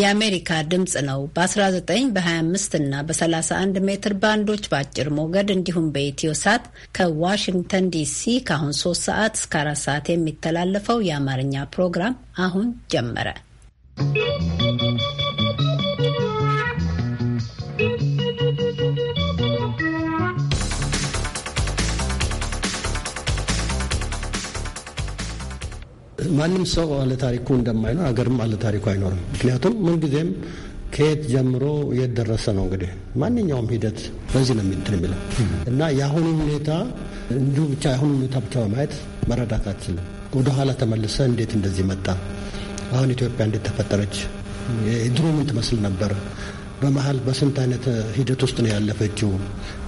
የአሜሪካ ድምፅ ነው። በ19 በ25 እና በ31 ሜትር ባንዶች በአጭር ሞገድ እንዲሁም በኢትዮ ሳት ከዋሽንግተን ዲሲ ከአሁን 3 ሰዓት እስከ 4 ሰዓት የሚተላለፈው የአማርኛ ፕሮግራም አሁን ጀመረ። ማንም ሰው አለ ታሪኩ እንደማይኖር አገርም አለ ታሪኩ አይኖርም። ምክንያቱም ምንጊዜም ከየት ጀምሮ የት ደረሰ ነው እንግዲህ ማንኛውም ሂደት በዚህ ነው የሚትን የሚለው እና የአሁኑ ሁኔታ እንዲሁ ብቻ የአሁኑ ሁኔታ ብቻ በማየት መረዳት አችልም። ወደኋላ ተመልሰ እንዴት እንደዚህ መጣ፣ አሁን ኢትዮጵያ እንዴት ተፈጠረች፣ የድሮ ምን ትመስል ነበር፣ በመሀል በስንት አይነት ሂደት ውስጥ ነው ያለፈችው፣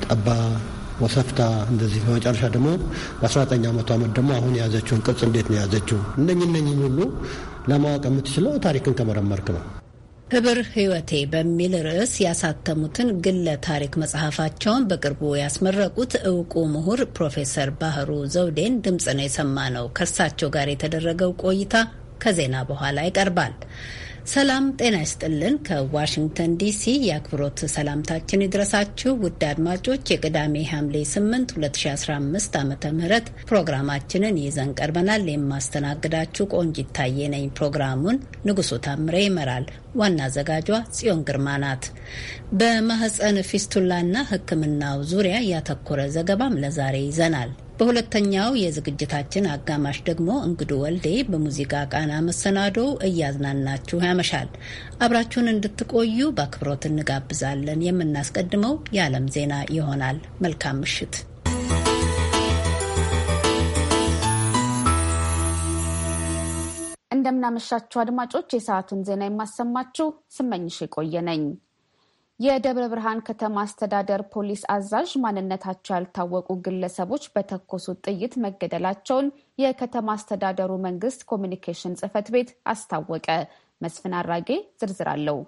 ጠባ ወሰፍታ እንደዚህ በመጨረሻ ደግሞ በ19 መቶ ዓመት ደግሞ አሁን የያዘችውን ቅርጽ እንዴት ነው የያዘችው? እነኝህ እነኝህን ሁሉ ለማወቅ የምትችለው ታሪክን ከመረመርክ ነው። ህብር ህይወቴ በሚል ርዕስ ያሳተሙትን ግለ ታሪክ መጽሐፋቸውን በቅርቡ ያስመረቁት እውቁ ምሁር ፕሮፌሰር ባህሩ ዘውዴን ድምፅ ነው የሰማ ነው። ከእርሳቸው ጋር የተደረገው ቆይታ ከዜና በኋላ ይቀርባል። ሰላም ጤና ይስጥልን። ከዋሽንግተን ዲሲ የአክብሮት ሰላምታችን ይድረሳችሁ ውድ አድማጮች። የቅዳሜ ሐምሌ 8 2015 ዓ ምህረት ፕሮግራማችንን ይዘን ቀርበናል። የማስተናግዳችሁ ቆንጅ ይታየ ነኝ። ፕሮግራሙን ንጉሱ ታምሬ ይመራል። ዋና አዘጋጇ ጽዮን ግርማ ናት። በማህፀን ፊስቱላና ሕክምናው ዙሪያ ያተኮረ ዘገባም ለዛሬ ይዘናል። በሁለተኛው የዝግጅታችን አጋማሽ ደግሞ እንግዱ ወልዴ በሙዚቃ ቃና መሰናዶ እያዝናናችሁ ያመሻል። አብራችሁን እንድትቆዩ በአክብሮት እንጋብዛለን። የምናስቀድመው የዓለም ዜና ይሆናል። መልካም ምሽት። እንደምናመሻችሁ አድማጮች፣ የሰዓቱን ዜና የማሰማችሁ ስመኝሽ የቆየ ነኝ። የደብረ ብርሃን ከተማ አስተዳደር ፖሊስ አዛዥ ማንነታቸው ያልታወቁ ግለሰቦች በተኮሱት ጥይት መገደላቸውን የከተማ አስተዳደሩ መንግስት ኮሚኒኬሽን ጽፈት ቤት አስታወቀ። መስፍን አራጌ ዝርዝር አለው።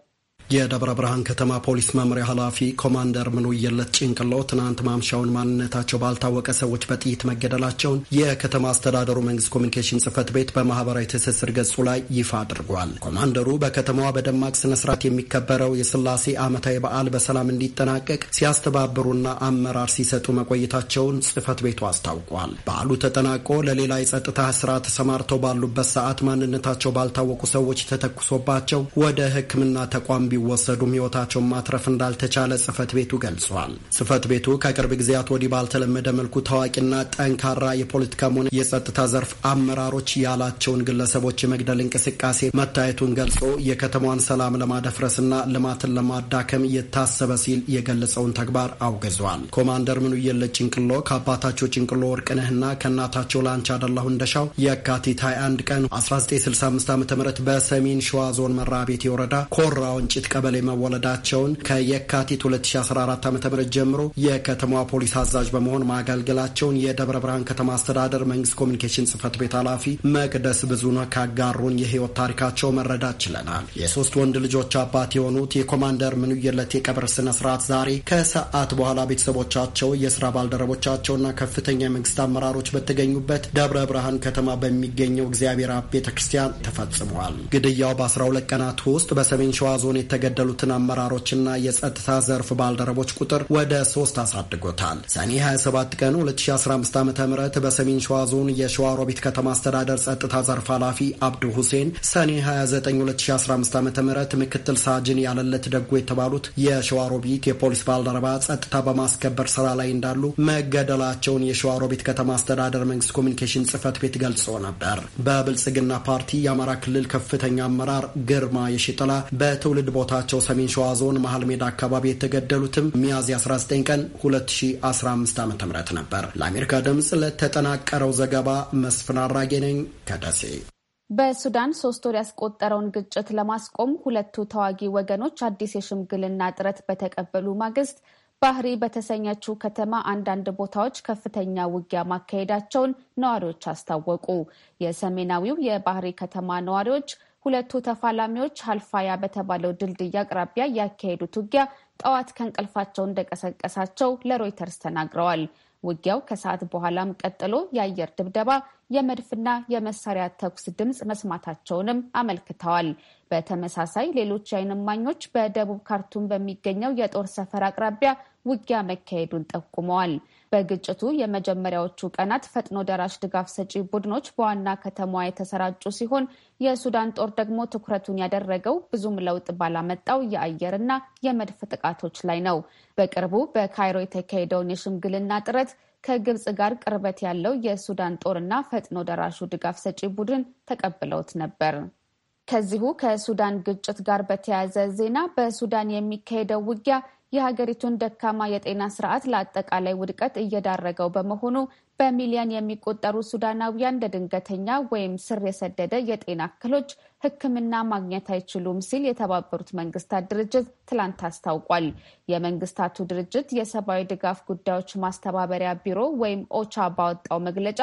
የደብረ ብርሃን ከተማ ፖሊስ መምሪያ ኃላፊ ኮማንደር የለት ጭንቅሎ ትናንት ማምሻውን ማንነታቸው ባልታወቀ ሰዎች በጥይት መገደላቸውን የከተማ አስተዳደሩ መንግስት ኮሚኒኬሽን ጽህፈት ቤት በማህበራዊ ትስስር ገጹ ላይ ይፋ አድርጓል። ኮማንደሩ በከተማዋ በደማቅ ስነስርዓት የሚከበረው የስላሴ ዓመታዊ በዓል በሰላም እንዲጠናቀቅ ሲያስተባብሩና አመራር ሲሰጡ መቆየታቸውን ጽህፈት ቤቱ አስታውቋል። በዓሉ ተጠናቆ ለሌላ የጸጥታ ስራ ተሰማርተው ባሉበት ሰዓት ማንነታቸው ባልታወቁ ሰዎች ተተኩሶባቸው ወደ ሕክምና ተቋም ቢወሰዱም ሕይወታቸውን ማትረፍ እንዳልተቻለ ጽህፈት ቤቱ ገልጿል። ጽህፈት ቤቱ ከቅርብ ጊዜያት ወዲህ ባልተለመደ መልኩ ታዋቂና ጠንካራ የፖለቲካም ሆነ የጸጥታ ዘርፍ አመራሮች ያላቸውን ግለሰቦች የመግደል እንቅስቃሴ መታየቱን ገልጾ የከተማዋን ሰላም ለማደፍረስና ልማትን ለማዳከም የታሰበ ሲል የገለጸውን ተግባር አውግዟል። ኮማንደር ምኑየለ ጭንቅሎ ከአባታቸው ጭንቅሎ ወርቅነህና ከእናታቸው ላንች አደላሁ እንደሻው የካቲት 21 ቀን 1965 ዓ ም በሰሜን ሸዋ ዞን መራቤቴ ወረዳ ኮራ ወንጭት በአንዲት ቀበሌ መወለዳቸውን ከየካቲት 2014 ዓ ም ጀምሮ የከተማዋ ፖሊስ አዛዥ በመሆን ማገልገላቸውን የደብረ ብርሃን ከተማ አስተዳደር መንግስት ኮሚኒኬሽን ጽህፈት ቤት ኃላፊ መቅደስ ብዙነ ካጋሩን የህይወት ታሪካቸው መረዳት ችለናል። የሶስት ወንድ ልጆች አባት የሆኑት የኮማንደር ምንየለት የቀብር ስነ ስርዓት ዛሬ ከሰዓት በኋላ ቤተሰቦቻቸው፣ የስራ ባልደረቦቻቸውና ከፍተኛ የመንግስት አመራሮች በተገኙበት ደብረ ብርሃን ከተማ በሚገኘው እግዚአብሔር አብ ቤተ ክርስቲያን ተፈጽሟል። ግድያው በ12 ቀናት ውስጥ በሰሜን ሸዋ ዞን የተ የተገደሉትን አመራሮችና የጸጥታ ዘርፍ ባልደረቦች ቁጥር ወደ ሶስት አሳድጎታል። ሰኔ 27 ቀን 2015 ዓ ም በሰሜን ሸዋ ዞን የሸዋ ሮቢት ከተማ አስተዳደር ጸጥታ ዘርፍ ኃላፊ አብዱ ሁሴን፣ ሰኔ 29 2015 ዓ ም ምክትል ሳጅን ያለለት ደጎ የተባሉት የሸዋ ሮቢት የፖሊስ ባልደረባ ጸጥታ በማስከበር ስራ ላይ እንዳሉ መገደላቸውን የሸዋ ሮቢት ከተማ አስተዳደር መንግስት ኮሚኒኬሽን ጽህፈት ቤት ገልጾ ነበር። በብልጽግና ፓርቲ የአማራ ክልል ከፍተኛ አመራር ግርማ የሽጥላ በትውልድ ቦታ ቦታቸው ሰሜን ሸዋ ዞን መሀል ሜዳ አካባቢ የተገደሉትም ሚያዝያ 19 ቀን 2015 ዓ ም ነበር። ለአሜሪካ ድምፅ ለተጠናቀረው ዘገባ መስፍን አራጌ ነኝ ከደሴ። በሱዳን ሶስት ወር ያስቆጠረውን ግጭት ለማስቆም ሁለቱ ተዋጊ ወገኖች አዲስ የሽምግልና ጥረት በተቀበሉ ማግስት ባህሪ በተሰኘችው ከተማ አንዳንድ ቦታዎች ከፍተኛ ውጊያ ማካሄዳቸውን ነዋሪዎች አስታወቁ። የሰሜናዊው የባህሪ ከተማ ነዋሪዎች ሁለቱ ተፋላሚዎች አልፋያ በተባለው ድልድይ አቅራቢያ ያካሄዱት ውጊያ ጠዋት ከእንቅልፋቸው እንደቀሰቀሳቸው ለሮይተርስ ተናግረዋል። ውጊያው ከሰዓት በኋላም ቀጥሎ የአየር ድብደባ፣ የመድፍና የመሳሪያ ተኩስ ድምፅ መስማታቸውንም አመልክተዋል። በተመሳሳይ ሌሎች የዓይን እማኞች በደቡብ ካርቱም በሚገኘው የጦር ሰፈር አቅራቢያ ውጊያ መካሄዱን ጠቁመዋል። በግጭቱ የመጀመሪያዎቹ ቀናት ፈጥኖ ደራሽ ድጋፍ ሰጪ ቡድኖች በዋና ከተማዋ የተሰራጩ ሲሆን የሱዳን ጦር ደግሞ ትኩረቱን ያደረገው ብዙም ለውጥ ባላመጣው የአየርና የመድፍ ጥቃቶች ላይ ነው። በቅርቡ በካይሮ የተካሄደውን የሽምግልና ጥረት ከግብጽ ጋር ቅርበት ያለው የሱዳን ጦርና ፈጥኖ ደራሹ ድጋፍ ሰጪ ቡድን ተቀብለውት ነበር። ከዚሁ ከሱዳን ግጭት ጋር በተያያዘ ዜና በሱዳን የሚካሄደው ውጊያ የሀገሪቱን ደካማ የጤና ስርዓት ለአጠቃላይ ውድቀት እየዳረገው በመሆኑ በሚሊዮን የሚቆጠሩ ሱዳናውያን ለድንገተኛ ወይም ስር የሰደደ የጤና እክሎች ሕክምና ማግኘት አይችሉም ሲል የተባበሩት መንግስታት ድርጅት ትላንት አስታውቋል። የመንግስታቱ ድርጅት የሰብአዊ ድጋፍ ጉዳዮች ማስተባበሪያ ቢሮ ወይም ኦቻ ባወጣው መግለጫ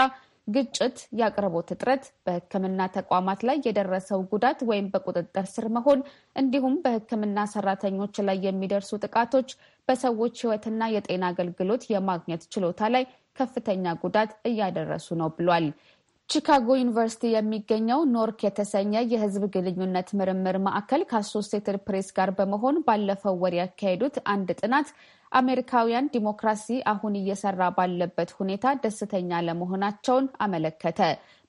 ግጭት፣ የአቅርቦት እጥረት፣ በሕክምና ተቋማት ላይ የደረሰው ጉዳት ወይም በቁጥጥር ስር መሆን እንዲሁም በሕክምና ሰራተኞች ላይ የሚደርሱ ጥቃቶች በሰዎች ሕይወትና የጤና አገልግሎት የማግኘት ችሎታ ላይ ከፍተኛ ጉዳት እያደረሱ ነው ብሏል። ቺካጎ ዩኒቨርሲቲ የሚገኘው ኖርክ የተሰኘ የህዝብ ግንኙነት ምርምር ማዕከል ከአሶሴትድ ፕሬስ ጋር በመሆን ባለፈው ወር ያካሄዱት አንድ ጥናት አሜሪካውያን ዲሞክራሲ አሁን እየሰራ ባለበት ሁኔታ ደስተኛ ለመሆናቸውን አመለከተ።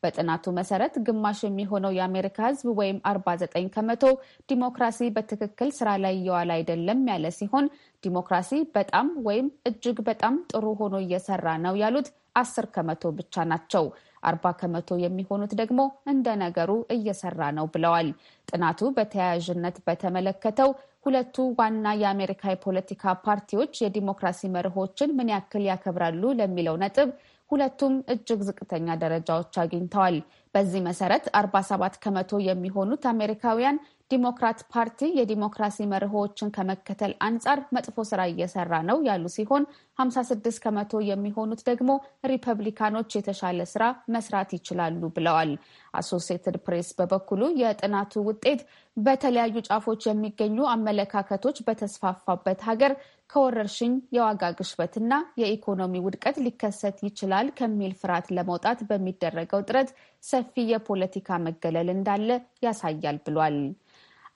በጥናቱ መሰረት ግማሽ የሚሆነው የአሜሪካ ሕዝብ ወይም 49 ከመቶ ዲሞክራሲ በትክክል ስራ ላይ እየዋለ አይደለም ያለ ሲሆን ዲሞክራሲ በጣም ወይም እጅግ በጣም ጥሩ ሆኖ እየሰራ ነው ያሉት አስር ከመቶ ብቻ ናቸው። አርባ ከመቶ የሚሆኑት ደግሞ እንደ ነገሩ እየሰራ ነው ብለዋል። ጥናቱ በተያያዥነት በተመለከተው ሁለቱ ዋና የአሜሪካ የፖለቲካ ፓርቲዎች የዲሞክራሲ መርሆችን ምን ያክል ያከብራሉ ለሚለው ነጥብ ሁለቱም እጅግ ዝቅተኛ ደረጃዎች አግኝተዋል። በዚህ መሰረት 47 ከመቶ የሚሆኑት አሜሪካውያን ዲሞክራት ፓርቲ የዲሞክራሲ መርሆዎችን ከመከተል አንጻር መጥፎ ስራ እየሰራ ነው ያሉ ሲሆን 56 ከመቶ የሚሆኑት ደግሞ ሪፐብሊካኖች የተሻለ ስራ መስራት ይችላሉ ብለዋል። አሶሲየትድ ፕሬስ በበኩሉ የጥናቱ ውጤት በተለያዩ ጫፎች የሚገኙ አመለካከቶች በተስፋፋበት ሀገር ከወረርሽኝ የዋጋ ግሽበትና የኢኮኖሚ ውድቀት ሊከሰት ይችላል ከሚል ፍርሃት ለመውጣት በሚደረገው ጥረት ሰፊ የፖለቲካ መገለል እንዳለ ያሳያል ብሏል።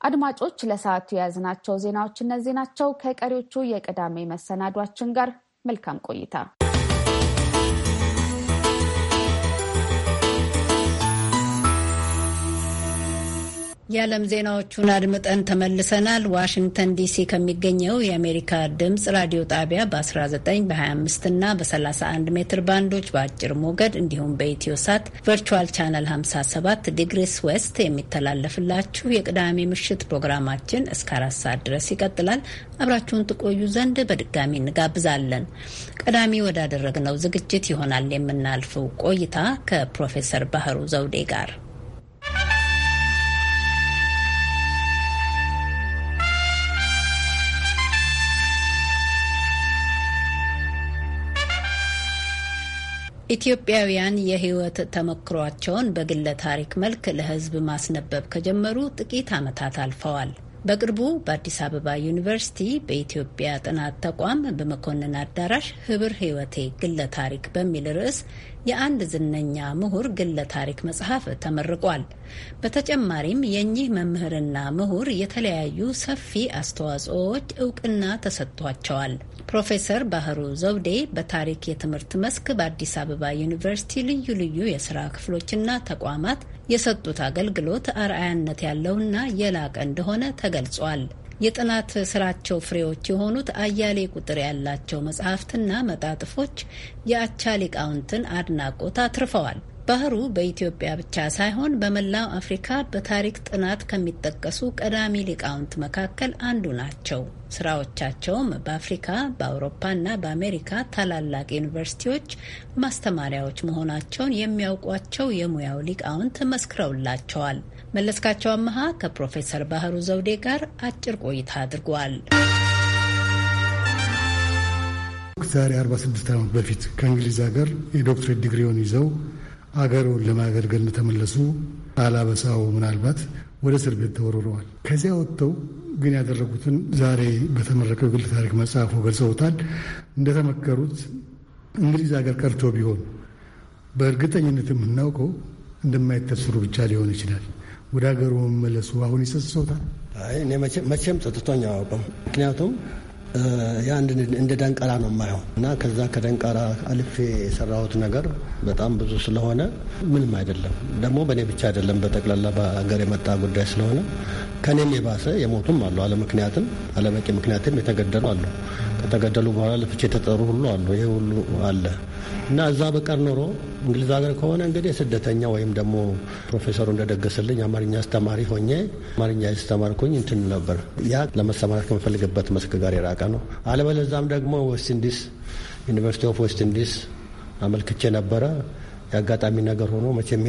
አድማጮች፣ ለሰዓቱ የያዝናቸው ዜናዎች እነዚህ ናቸው። ከቀሪዎቹ የቅዳሜ መሰናዷችን ጋር መልካም ቆይታ የዓለም ዜናዎቹን አድምጠን ተመልሰናል። ዋሽንግተን ዲሲ ከሚገኘው የአሜሪካ ድምፅ ራዲዮ ጣቢያ በ19 በ25 እና በ31 ሜትር ባንዶች በአጭር ሞገድ እንዲሁም በኢትዮ ሳት ቨርቹዋል ቻነል 57 ዲግሪስ ዌስት የሚተላለፍላችሁ የቅዳሜ ምሽት ፕሮግራማችን እስከ አራት ሰዓት ድረስ ይቀጥላል። አብራችሁን ትቆዩ ዘንድ በድጋሚ እንጋብዛለን። ቀዳሚ ወዳደረግነው ዝግጅት ይሆናል የምናልፈው ቆይታ ከፕሮፌሰር ባህሩ ዘውዴ ጋር ኢትዮጵያውያን የሕይወት ተመክሯቸውን በግለ ታሪክ መልክ ለሕዝብ ማስነበብ ከጀመሩ ጥቂት ዓመታት አልፈዋል። በቅርቡ በአዲስ አበባ ዩኒቨርሲቲ በኢትዮጵያ ጥናት ተቋም በመኮንን አዳራሽ ህብር ሕይወቴ ግለ ታሪክ በሚል ርዕስ የአንድ ዝነኛ ምሁር ግለ ታሪክ መጽሐፍ ተመርቋል። በተጨማሪም የእኚህ መምህርና ምሁር የተለያዩ ሰፊ አስተዋጽኦዎች እውቅና ተሰጥቷቸዋል። ፕሮፌሰር ባህሩ ዘውዴ በታሪክ የትምህርት መስክ በአዲስ አበባ ዩኒቨርሲቲ ልዩ ልዩ የስራ ክፍሎችና ተቋማት የሰጡት አገልግሎት አርአያነት ያለውና የላቀ እንደሆነ ተገልጿል። የጥናት ስራቸው ፍሬዎች የሆኑት አያሌ ቁጥር ያላቸው መጽሐፍትና መጣጥፎች የአቻ ሊቃውንትን አድናቆት አትርፈዋል። ባህሩ በኢትዮጵያ ብቻ ሳይሆን በመላው አፍሪካ በታሪክ ጥናት ከሚጠቀሱ ቀዳሚ ሊቃውንት መካከል አንዱ ናቸው። ስራዎቻቸውም በአፍሪካ በአውሮፓና በአሜሪካ ታላላቅ ዩኒቨርሲቲዎች ማስተማሪያዎች መሆናቸውን የሚያውቋቸው የሙያው ሊቃውንት መስክረውላቸዋል። መለስካቸው አመሃ ከፕሮፌሰር ባህሩ ዘውዴ ጋር አጭር ቆይታ አድርጓል። ዛሬ 46 ዓመት በፊት ከእንግሊዝ ሀገር የዶክትሬት ዲግሪውን ይዘው አገሩን ለማገልገል እንደተመለሱ አላበሳው ምናልባት ወደ እስር ቤት ተወርረዋል። ከዚያ ወጥተው ግን ያደረጉትን ዛሬ በተመረቀው የግል ታሪክ መጽሐፉ ገልጸውታል። እንደተመከሩት እንግሊዝ ሀገር ቀርቶ ቢሆን በእርግጠኝነት የምናውቀው እንደማይተሰሩ ብቻ ሊሆን ይችላል። ወደ ሀገሩ መመለሱ አሁን ይሰሰውታል እኔ መቼም ጸጥቶኝ አያውቅም። ምክንያቱም ያ እንደ ደንቀራ ነው የማየው እና ከዛ ከደንቀራ አልፌ የሰራሁት ነገር በጣም ብዙ ስለሆነ ምንም አይደለም። ደግሞ በእኔ ብቻ አይደለም፣ በጠቅላላ በሀገር የመጣ ጉዳይ ስለሆነ ከእኔም የባሰ የሞቱም አሉ። አለምክንያትም አለበቂ ምክንያትም የተገደሉ አሉ። ከተገደሉ በኋላ ለፍቼ የተጠሩ ሁሉ አሉ። ይሄ ሁሉ አለ። እና እዛ በቀር ኖሮ እንግሊዝ ሀገር ከሆነ እንግዲህ ስደተኛ ወይም ደግሞ ፕሮፌሰሩ እንደደገሰልኝ አማርኛ አስተማሪ ሆኜ አማርኛ ያስተማርኩኝ እንትን ነበር። ያ ለመሰማራት ከምፈልግበት መስክ ጋር የራቀ ነው። አለበለዛም ደግሞ ዌስት ኢንዲስ ዩኒቨርሲቲ ኦፍ ዌስት ኢንዲስ አመልክቼ ነበረ። የአጋጣሚ ነገር ሆኖ መቼም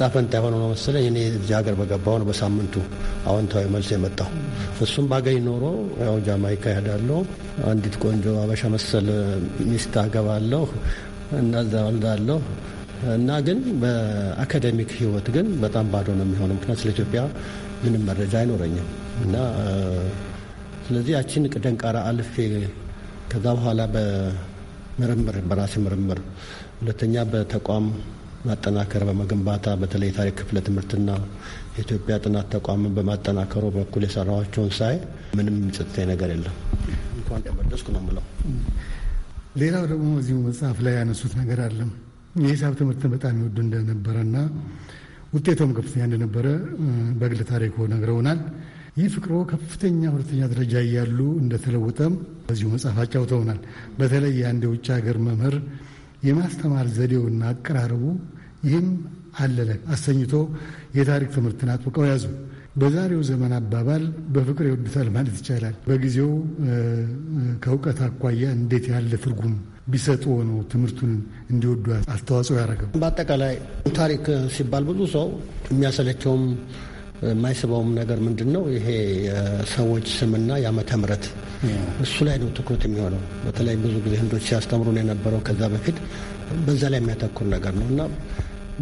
ጣፈንታ የሆነ ነው መሰለኝ። እኔ እዚህ ሀገር በገባሁ ነው በሳምንቱ አዎንታዊ መልስ የመጣሁ። እሱም ባገኝ ኖሮ ያው ጃማይካ እሄዳለሁ፣ አንዲት ቆንጆ አበሻ መሰል ሚስት አገባለሁ፣ እናዛ እና ግን በአካደሚክ ህይወት ግን በጣም ባዶ ነው የሚሆነው። ምክንያት ስለ ኢትዮጵያ ምንም መረጃ አይኖረኝም እና ስለዚህ ያችን ደንቃራ አልፌ ከዛ በኋላ በምርምር በራሴ ምርምር፣ ሁለተኛ በተቋም ማጠናከር በመገንባታ በተለይ የታሪክ ክፍለ ትምህርትና የኢትዮጵያ ጥናት ተቋምን በማጠናከሩ በኩል የሰራኋቸውን ሳይ ምንም ምጽት ነገር የለም። እንኳን ተመደስኩ ነው ምለው። ሌላው ደግሞ እዚሁ መጽሐፍ ላይ ያነሱት ነገር አለም የሂሳብ ትምህርትን በጣም ይወዱ እንደነበረና ውጤቶም ከፍተኛ እንደነበረ በግል ታሪኮ ነግረውናል። ይህ ፍቅሮ ከፍተኛ ሁለተኛ ደረጃ እያሉ እንደተለወጠም በዚሁ መጽሐፍ አጫውተውናል። በተለይ የአንድ የውጭ ሀገር መምህር የማስተማር ዘዴውና አቀራረቡ ይህም አለለ አሰኝቶ የታሪክ ትምህርትን አጥብቀው ያዙ። በዛሬው ዘመን አባባል በፍቅር ይወዱታል ማለት ይቻላል። በጊዜው ከእውቀት አኳያ እንዴት ያለ ትርጉም ቢሰጡ ነው ትምህርቱን እንዲወዱ አስተዋጽኦ ያደረገው። በአጠቃላይ ታሪክ ሲባል ብዙ ሰው የሚያሰለቸውም የማይስበውም ነገር ምንድን ነው? ይሄ የሰዎች ስምና የዓመተ ምሕረት እሱ ላይ ነው ትኩረት የሚሆነው። በተለይ ብዙ ጊዜ ህንዶች ሲያስተምሩን የነበረው ከዛ በፊት በዛ ላይ የሚያተኩር ነገር ነው እና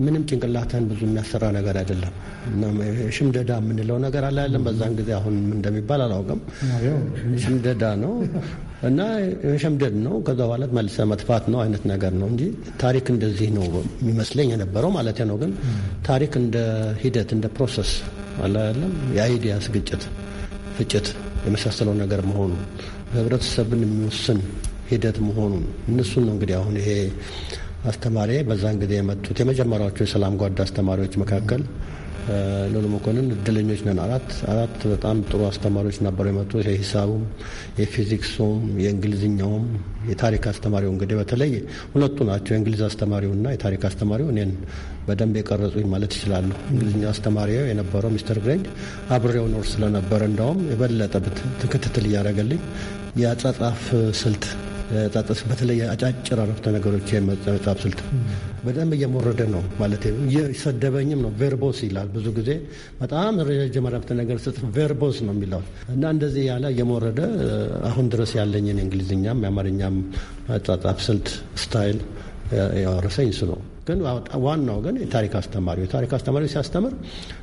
ምንም ጭንቅላትህን ብዙ የሚያሰራ ነገር አይደለም። ሽምደዳ የምንለው ነገር አላለም በዛን ጊዜ አሁን እንደሚባል አላውቅም። ሽምደዳ ነው እና ሸምደድ ነው። ከዛ በኋላ መልሰ መጥፋት ነው አይነት ነገር ነው እንጂ ታሪክ እንደዚህ ነው የሚመስለኝ የነበረው ማለት ነው። ግን ታሪክ እንደ ሂደት እንደ ፕሮሰስ አላለም የአይዲያስ ግጭት፣ ፍጭት የመሳሰለው ነገር መሆኑ ህብረተሰብን የሚወስን ሂደት መሆኑን እነሱን ነው እንግዲህ አሁን ይሄ አስተማሪ በዛን ጊዜ የመጡት የመጀመሪያዎቹ የሰላም ጓዳ አስተማሪዎች መካከል ሉሉ መኮንን እድለኞች ነን። አራት አራት በጣም ጥሩ አስተማሪዎች ነበሩ የመጡት የሂሳቡም፣ የፊዚክሱም፣ የእንግሊዝኛውም የታሪክ አስተማሪው እንግዲህ በተለይ ሁለቱ ናቸው። የእንግሊዝ አስተማሪውና የታሪክ አስተማሪው እኔን በደንብ የቀረጹኝ ማለት ይችላሉ። እንግሊዝኛ አስተማሪ የነበረው ሚስተር ግሬንጅ አብሬው ኖር ስለነበረ እንደውም የበለጠ ክትትል እያደረገልኝ የአጻጻፍ ስልት በተለይ አጫጭር አረፍተ ነገሮች የመጻፍ ስልት በደንብ እየሞረደ ነው ማለት እየሰደበኝም ነው። ቬርቦስ ይላል ብዙ ጊዜ በጣም ረጃጅም አረፍተ ነገር ስጽፍ ቬርቦስ ነው የሚለው እና እንደዚህ ያለ እየሞረደ አሁን ድረስ ያለኝን የእንግሊዝኛም የአማርኛም አጻጻፍ ስልት ስታይል ያወረሰኝ እሱ ነው። ግን ዋናው ግን የታሪክ አስተማሪ የታሪክ አስተማሪ ሲያስተምር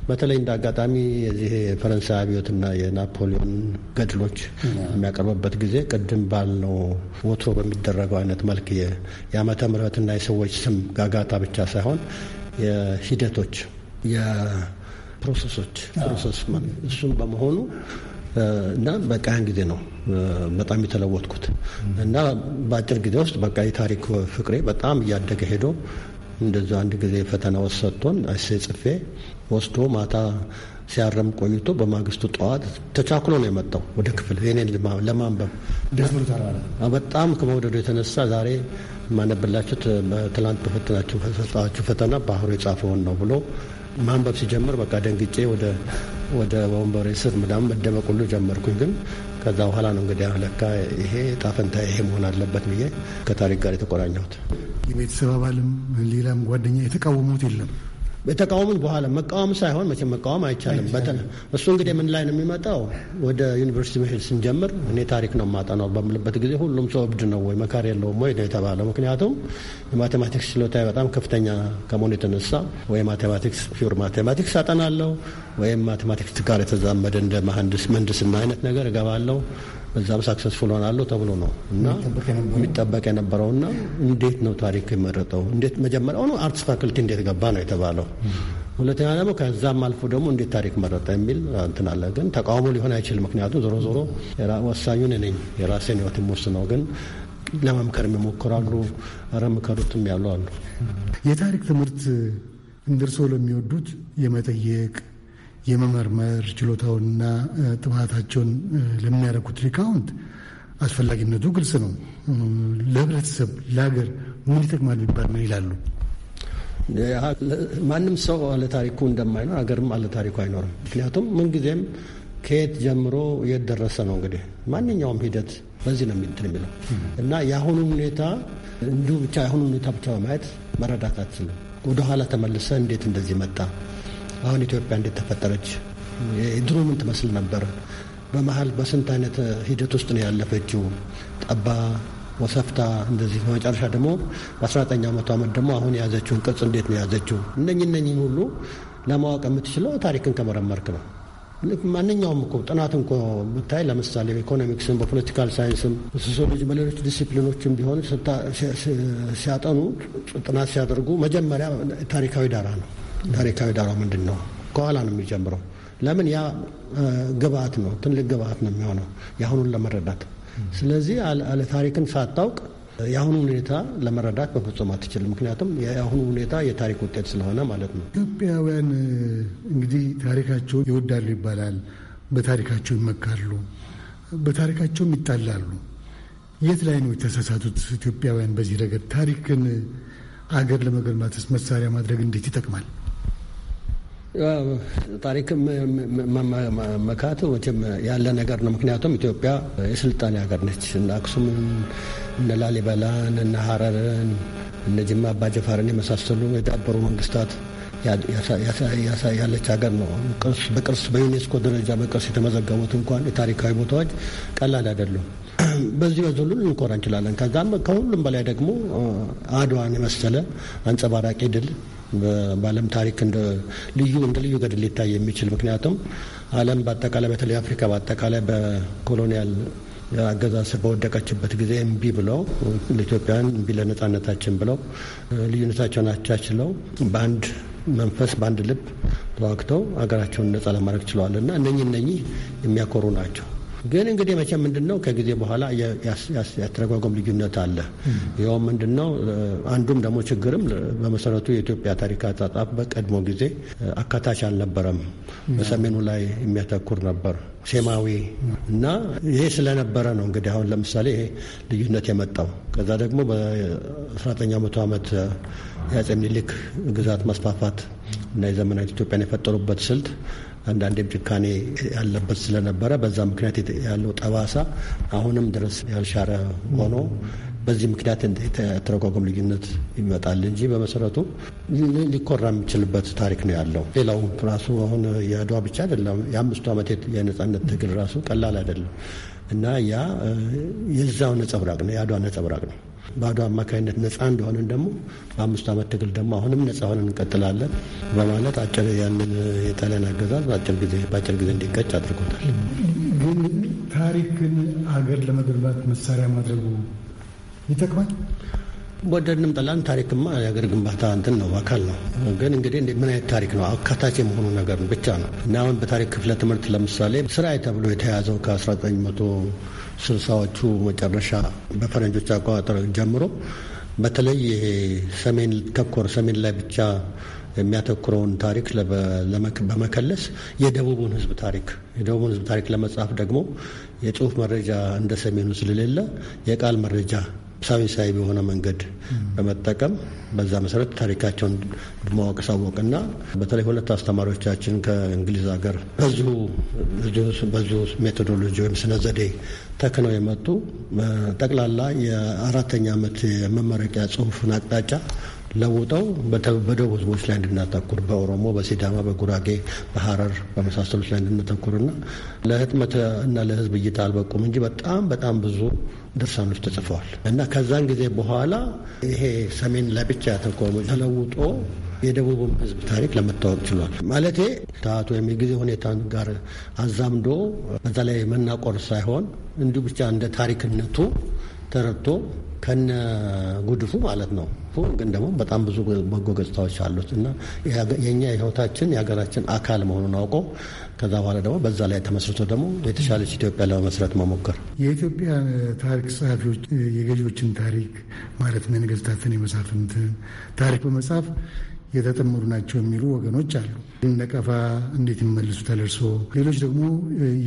በተለይ እንደ አጋጣሚ የዚህ የፈረንሳይ አብዮትና የናፖሊዮን ገድሎች የሚያቀርብበት ጊዜ ቅድም ባልነው ወትሮ በሚደረገው አይነት መልክ የዓመተ ምሕረትና የሰዎች ስም ጋጋታ ብቻ ሳይሆን የሂደቶች የፕሮሰሶች ፕሮሰስ እሱም በመሆኑ እና በቃ ያን ጊዜ ነው በጣም የተለወጥኩት እና በአጭር ጊዜ ውስጥ በቃ የታሪክ ፍቅሬ በጣም እያደገ ሄዶ እንደዚ አንድ ጊዜ ፈተና ወሰጥቶን እሴ ጽፌ ወስዶ ማታ ሲያረም ቆይቶ በማግስቱ ጠዋት ተቻኩሎ ነው የመጣው ወደ ክፍል የኔን ለማንበብ በጣም ከመውደዱ የተነሳ ዛሬ ማነብላችሁ ትላንት በፈተናችሁ ሰጣችሁ ፈተና ባህሩ የጻፈውን ነው ብሎ ማንበብ ሲጀምር በቃ ደንግጬ ወደ ወንበሬ ስር ምናምን መደመቅ ሁሉ ጀመርኩኝ ግን ከዛ በኋላ ነው እንግዲህ ለካ ይሄ ጣፈንታ ይሄ መሆን አለበት ብዬ ከታሪክ ጋር የተቆራኘሁት። የቤተሰብ አባልም ሌላም ጓደኛ የተቃወሙት የለም። በተቃውሞ በኋላ መቃወም ሳይሆን መቼም መቃወም አይቻልም። በተለ እሱ እንግዲህ ምን ላይ ነው የሚመጣው? ወደ ዩኒቨርሲቲ መሄድ ስንጀምር እኔ ታሪክ ነው የማጠናው በምልበት ጊዜ ሁሉም ሰው እብድ ነው ወይ መካሪ የለውም ወይ ነው የተባለው። ምክንያቱም የማቴማቲክስ ችሎታ በጣም ከፍተኛ ከመሆኑ የተነሳ ወይ ማቴማቲክስ ፊውር ማቴማቲክስ አጠናለሁ ወይም ማቴማቲክስ ጋር የተዛመደ እንደ መሀንዲስ ምህንድስና አይነት ነገር እገባለሁ በዛም ሳክሰስፉል ሆናለሁ ተብሎ ነው እና የሚጠበቅ የነበረው እና እንዴት ነው ታሪክ የመረጠው? እንዴት መጀመሪያውኑ አርትስ ፋክልቲ እንዴት ገባ ነው የተባለው። ሁለተኛ ደግሞ ከዛም አልፎ ደግሞ እንዴት ታሪክ መረጠ የሚል እንትን አለ። ግን ተቃውሞ ሊሆን አይችልም። ምክንያቱም ዞሮ ዞሮ ወሳኙን ነኝ የራሴን ህይወት የምወስነው ግን ለመምከር የሚሞክራሉ ረምከሩትም ያሉ አሉ። የታሪክ ትምህርት እንደርሶ ለሚወዱት የመጠየቅ የመመርመር ችሎታውንና ጥማታቸውን ለሚያደርጉት ሊቃውንት አስፈላጊነቱ ግልጽ ነው። ለህብረተሰብ፣ ለሀገር ምን ይጠቅማል ቢባል ነው ይላሉ። ማንም ሰው አለታሪኩ እንደማይኖር ሀገርም አለታሪኩ አይኖርም። ምክንያቱም ምንጊዜም ከየት ጀምሮ የት ደረሰ ነው እንግዲህ ማንኛውም ሂደት በዚህ ነው እንትን የሚለው እና የአሁኑ ሁኔታ እንዲሁ ብቻ የአሁኑ ሁኔታ ብቻ በማየት መረዳት አትችልም። ወደኋላ ተመልሰ እንዴት እንደዚህ መጣ አሁን ኢትዮጵያ እንዴት ተፈጠረች? ድሮ ምን ትመስል ነበር? በመሀል በስንት አይነት ሂደት ውስጥ ነው ያለፈችው? ጠባ፣ ወሰፍታ እንደዚህ በመጨረሻ ደግሞ በ19ኛው መቶ ዓመት ደግሞ አሁን የያዘችውን ቅርጽ እንዴት ነው የያዘችው? እነኝ እነኝን ሁሉ ለማወቅ የምትችለው ታሪክን ከመረመርክ ነው። ማንኛውም እኮ ጥናት እንኮ ብታይ ለምሳሌ በኢኮኖሚክስም በፖለቲካል ሳይንስም ሶሲዮሎጂ በሌሎች ዲሲፕሊኖችም ቢሆን ሲያጠኑ ጥናት ሲያደርጉ መጀመሪያ ታሪካዊ ዳራ ነው ታሪካዊ ዳራ ምንድን ነው? ከኋላ ነው የሚጀምረው። ለምን ያ ግብአት ነው፣ ትልቅ ግብአት ነው የሚሆነው የአሁኑን ለመረዳት። ስለዚህ አለ ታሪክን ሳታውቅ የአሁኑ ሁኔታ ለመረዳት በፍጹም አትችልም። ምክንያቱም የአሁኑ ሁኔታ የታሪክ ውጤት ስለሆነ ማለት ነው። ኢትዮጵያውያን እንግዲህ ታሪካቸውን ይወዳሉ ይባላል፣ በታሪካቸው ይመካሉ፣ በታሪካቸውም ይጣላሉ። የት ላይ ነው የተሳሳቱት ኢትዮጵያውያን በዚህ ረገድ? ታሪክን አገር ለመገንባትስ መሳሪያ ማድረግ እንዴት ይጠቅማል? ታሪክም መካት መቼም ያለ ነገር ነው። ምክንያቱም ኢትዮጵያ የስልጣኔ ሀገር ነች። እነ አክሱምን፣ እነ ላሊበላን፣ እነ ሀረርን፣ እነ ጅማ አባጀፋርን የመሳሰሉ የዳበሩ መንግስታት ያለች ሀገር ነው። በቅርስ በዩኔስኮ ደረጃ በቅርስ የተመዘገቡት እንኳን የታሪካዊ ቦታዎች ቀላል አይደሉም። በዚህ በዚህ ሁሉ ልንኮራ እንችላለን። ከዛም ከሁሉም በላይ ደግሞ አድዋን የመሰለ አንጸባራቂ ድል በዓለም ታሪክ እንደ ልዩ እንደ ልዩ ገድል ሊታይ የሚችል ምክንያቱም ዓለም በአጠቃላይ በተለይ አፍሪካ በአጠቃላይ በኮሎኒያል አገዛዝ ስር በወደቀችበት ጊዜ እምቢ ብለው ለኢትዮጵያውያን እምቢ ለነጻነታችን ብለው ልዩነታቸውን አቻችለው በአንድ መንፈስ በአንድ ልብ ተዋግተው ሀገራቸውን ነጻ ለማድረግ ችለዋል እና እነኚህ እነኚህ የሚያኮሩ ናቸው። ግን እንግዲህ መቼም ምንድን ነው ከጊዜ በኋላ ያተረጓጎም ልዩነት አለ። ይኸውም ምንድን ነው አንዱም ደግሞ ችግርም በመሰረቱ የኢትዮጵያ ታሪክ አጻጻፍ በቀድሞ ጊዜ አካታች አልነበረም። በሰሜኑ ላይ የሚያተኩር ነበር ሴማዊ እና ይሄ ስለነበረ ነው እንግዲህ አሁን ለምሳሌ ይሄ ልዩነት የመጣው ከዛ ደግሞ በ 19 መ መቶ ዓመት የአጼ ምኒልክ ግዛት መስፋፋት እና የዘመናዊት ኢትዮጵያን የፈጠሩበት ስልት አንዳንዴም ጭካኔ ያለበት ስለነበረ በዛ ምክንያት ያለው ጠባሳ አሁንም ድረስ ያልሻረ ሆኖ በዚህ ምክንያት የተረጓጎም ልዩነት ይመጣል እንጂ በመሰረቱ ሊኮራ የሚችልበት ታሪክ ነው ያለው። ሌላው ራሱ አሁን የአድዋ ብቻ አይደለም፣ የአምስቱ ዓመት የነጻነት ትግል ራሱ ቀላል አይደለም እና ያ የዛው ነጸብራቅ ነው፣ የአድዋ ነጸብራቅ ነው። ባዶ አማካኝነት ነፃ እንደሆነን ደግሞ በአምስቱ ዓመት ትግል ደግሞ አሁንም ነፃ ሆነን እንቀጥላለን በማለት አጭር ያንን የጣሊያን አገዛዝ በአጭር ጊዜ እንዲቀጭ አድርጎታል። ግን ታሪክን አገር ለመገንባት መሳሪያ ማድረጉ ይጠቅማል። ወደድንም ጠላን ታሪክማ የሀገር ግንባታ እንትን ነው አካል ነው። ግን እንግዲህ ምን አይነት ታሪክ ነው አካታች የመሆኑ ነገር ብቻ ነው እና አሁን በታሪክ ክፍለ ትምህርት ለምሳሌ ስራዬ ተብሎ የተያዘው ከ1960ዎቹ መጨረሻ በፈረንጆች አቆጣጠር ጀምሮ በተለይ ይሄ ሰሜን ተኮር ሰሜን ላይ ብቻ የሚያተኩረውን ታሪክ በመከለስ የደቡቡን ህዝብ ታሪክ የደቡቡን ህዝብ ታሪክ ለመጻፍ ደግሞ የጽሁፍ መረጃ እንደ ሰሜኑ ስለሌለ የቃል መረጃ ሳይንሳዊ በሆነ መንገድ በመጠቀም በዛ መሰረት ታሪካቸውን ማወቅ ሳወቅና በተለይ ሁለት አስተማሪዎቻችን ከእንግሊዝ ሀገር በዚሁ ሜቶዶሎጂ ወይም ስነ ዘዴ ተክነው የመጡ ጠቅላላ የአራተኛ ዓመት የመመረቂያ ጽሁፍን አቅጣጫ ለውጠው በደቡብ ህዝቦች ላይ እንድናተኩር በኦሮሞ፣ በሲዳማ፣ በጉራጌ፣ በሀረር በመሳሰሉት ላይ እንድናተኩርና ለህትመት እና ለህዝብ እይታ አልበቁም እንጂ በጣም በጣም ብዙ ድርሳኖች ተጽፈዋል እና ከዛን ጊዜ በኋላ ይሄ ሰሜን ለብቻ ተቆሞ ተለውጦ የደቡብም ህዝብ ታሪክ ለመታወቅ ችሏል። ማለቴ ታቱ ወይም የጊዜ ሁኔታን ጋር አዛምዶ በዛ ላይ መናቆር ሳይሆን እንዲሁ ብቻ እንደ ታሪክነቱ ተረድቶ ከነ ጉድፉ ማለት ነው። ግን ደግሞ በጣም ብዙ በጎ ገጽታዎች አሉት እና የእኛ ህይወታችን የሀገራችን አካል መሆኑን አውቀው። ከዛ በኋላ ደግሞ በዛ ላይ ተመስርቶ ደግሞ የተሻለች ኢትዮጵያ ለመመስረት መሞከር የኢትዮጵያ ታሪክ ጸሐፊዎች የገዢዎችን ታሪክ ማለት መንግስታትን የመሳፍንትን ታሪክ በመጽሐፍ የተጠመዱ ናቸው የሚሉ ወገኖች አሉ። ነቀፋ እንዴት ይመልሱታል ተለርሶ፣ ሌሎች ደግሞ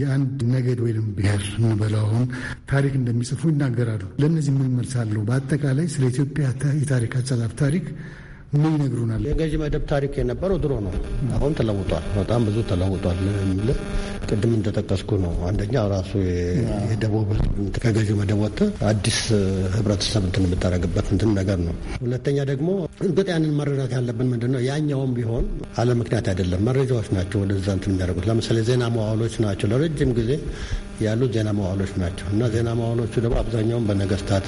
የአንድ ነገድ ወይም ብሔር እንበላውን ታሪክ እንደሚጽፉ ይናገራሉ። ለእነዚህ ምን መልስ አለው? በአጠቃላይ ስለ ኢትዮጵያ የታሪክ አጻጻፍ ታሪክ ምን ይነግሩናል? የገዢ መደብ ታሪክ የነበረው ድሮ ነው። አሁን ተለውጧል። በጣም ብዙ ተለውጧል። ምልህ ቅድም እንደጠቀስኩ ነው። አንደኛ ራሱ የደቡብ ከገዢ መደብ ወጥተህ አዲስ ህብረተሰብ እንትን የምታደርግበት እንትን ነገር ነው። ሁለተኛ ደግሞ እርግጥ ያንን መረዳት ያለብን ምንድን ነው፣ ያኛውም ቢሆን አለ ምክንያት አይደለም። መረጃዎች ናቸው ወደዛ እንትን የሚያደርጉት። ለምሳሌ ዜና መዋሎች ናቸው ለረጅም ጊዜ ያሉ ዜና መዋሎች ናቸው እና ዜና መዋሎቹ ደግሞ አብዛኛውን በነገስታት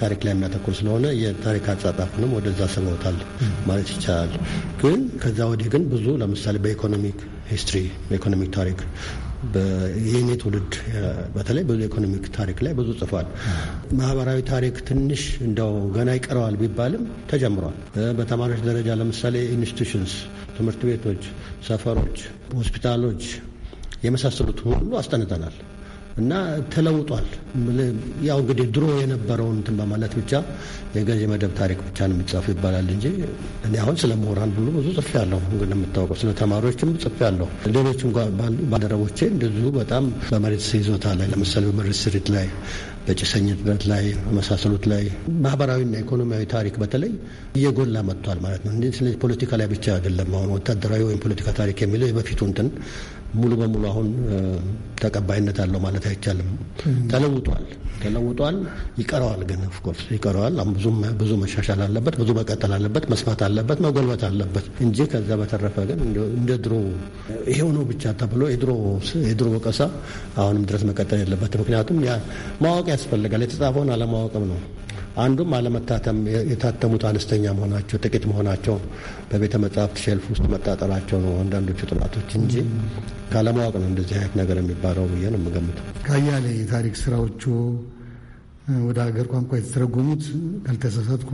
ታሪክ ላይ የሚያተኩር ስለሆነ የታሪክ አጻጻፉንም ወደዛ ስበውታል ማለት ይቻላል። ግን ከዛ ወዲህ ግን ብዙ ለምሳሌ በኢኮኖሚክ ሂስትሪ በኢኮኖሚክ ታሪክ የኔ ትውልድ በተለይ ብዙ ኢኮኖሚክ ታሪክ ላይ ብዙ ጽፏል። ማህበራዊ ታሪክ ትንሽ እንደው ገና ይቀረዋል ቢባልም ተጀምሯል። በተማሪዎች ደረጃ ለምሳሌ ኢንስቲቱሽንስ፣ ትምህርት ቤቶች፣ ሰፈሮች፣ ሆስፒታሎች የመሳሰሉት ሁሉ አስጠንተናል። እና ተለውጧል። ያው እንግዲህ ድሮ የነበረውን እንትን በማለት ብቻ የገዥ መደብ ታሪክ ብቻ ነው የሚጻፉ ይባላል እንጂ እኔ አሁን ስለ ምሁራን ሁሉ ብዙ ያለሁ እንደምታወቀው ስለ ተማሪዎችም ጽፌያለሁ። ሌሎችም ባልደረቦቼ እንደዚሁ በጣም በመሬት ይዞታ ላይ ለምሳሌ በመሬት ስሪት ላይ በጭሰኝነት ላይ መሳሰሉት ላይ ማህበራዊና ኢኮኖሚያዊ ታሪክ በተለይ እየጎላ መጥቷል ማለት ነው። ፖለቲካ ላይ ብቻ አይደለም። አሁን ወታደራዊ ወይም ፖለቲካ ታሪክ የሚለው የበፊቱ እንትን ሙሉ በሙሉ አሁን ተቀባይነት አለው ማለት አይቻልም። ተለውጧል ተለውጧል። ይቀረዋል ግን ኦፍኮርስ ይቀረዋል። ብዙ መሻሻል አለበት፣ ብዙ መቀጠል አለበት፣ መስፋት አለበት፣ መጎልበት አለበት እንጂ ከዛ በተረፈ ግን እንደ ድሮ ይሄው ነው ብቻ ተብሎ የድሮ ወቀሳ አሁንም ድረስ መቀጠል የለበት። ምክንያቱም ማወቅ ያስፈልጋል። የተጻፈውን አለማወቅም ነው አንዱም አለመታተም የታተሙት አነስተኛ መሆናቸው ጥቂት መሆናቸው በቤተ መጽሐፍት ሼልፍ ውስጥ መጣጠላቸው ነው አንዳንዶቹ ጥናቶች እንጂ ካለማወቅ ነው እንደዚህ አይነት ነገር የሚባለው ብዬ ነው የምገምተው። ከአያሌ የታሪክ ስራዎቹ ወደ ሀገር ቋንቋ የተተረጎሙት ካልተሳሳትኩ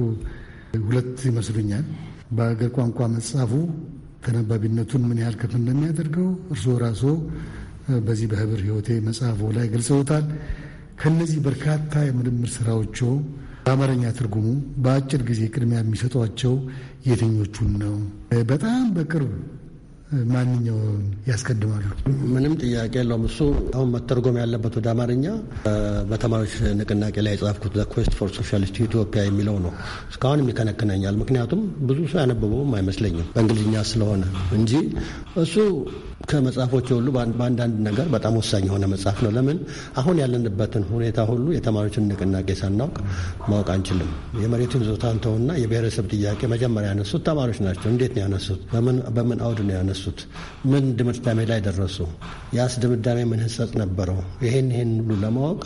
ሁለት ይመስሉኛል። በሀገር ቋንቋ መጽሐፉ ተነባቢነቱን ምን ያህል ከፍ እንደሚያደርገው እርስዎ ራስዎ በዚህ በህብር ህይወቴ መጽሐፎ ላይ ገልጸውታል። ከነዚህ በርካታ የምርምር ስራዎቹ በአማርኛ ትርጉሙ በአጭር ጊዜ ቅድሚያ የሚሰጧቸው የትኞቹን ነው? በጣም በቅርብ ማንኛውን ያስቀድማሉ? ምንም ጥያቄ የለውም። እሱ አሁን መተርጎም ያለበት ወደ አማርኛ በተማሪዎች ንቅናቄ ላይ የጻፍኩት ኩዌስት ፎር ሶሻሊስት ኢትዮጵያ የሚለው ነው። እስካሁን የሚከነክነኛል፣ ምክንያቱም ብዙ ሰው ያነበበውም አይመስለኝም በእንግሊዝኛ ስለሆነ እንጂ እሱ ከመጽሐፎች ሁሉ በአንዳንድ ነገር በጣም ወሳኝ የሆነ መጽሐፍ ነው። ለምን አሁን ያለንበትን ሁኔታ ሁሉ የተማሪዎችን ንቅናቄ ሳናውቅ ማወቅ አንችልም። የመሬቱን ይዞታን ተውና የብሔረሰብ ጥያቄ መጀመሪያ ያነሱት ተማሪዎች ናቸው። እንዴት ነው ያነሱት? በምን አውድ ነው ያነሱት? የተነሱት? ምን ድምዳሜ ላይ ደረሱ? ያስ ድምዳሜ ምን ህጸጽ ነበረው? ይህን ይህን ሁሉ ለማወቅ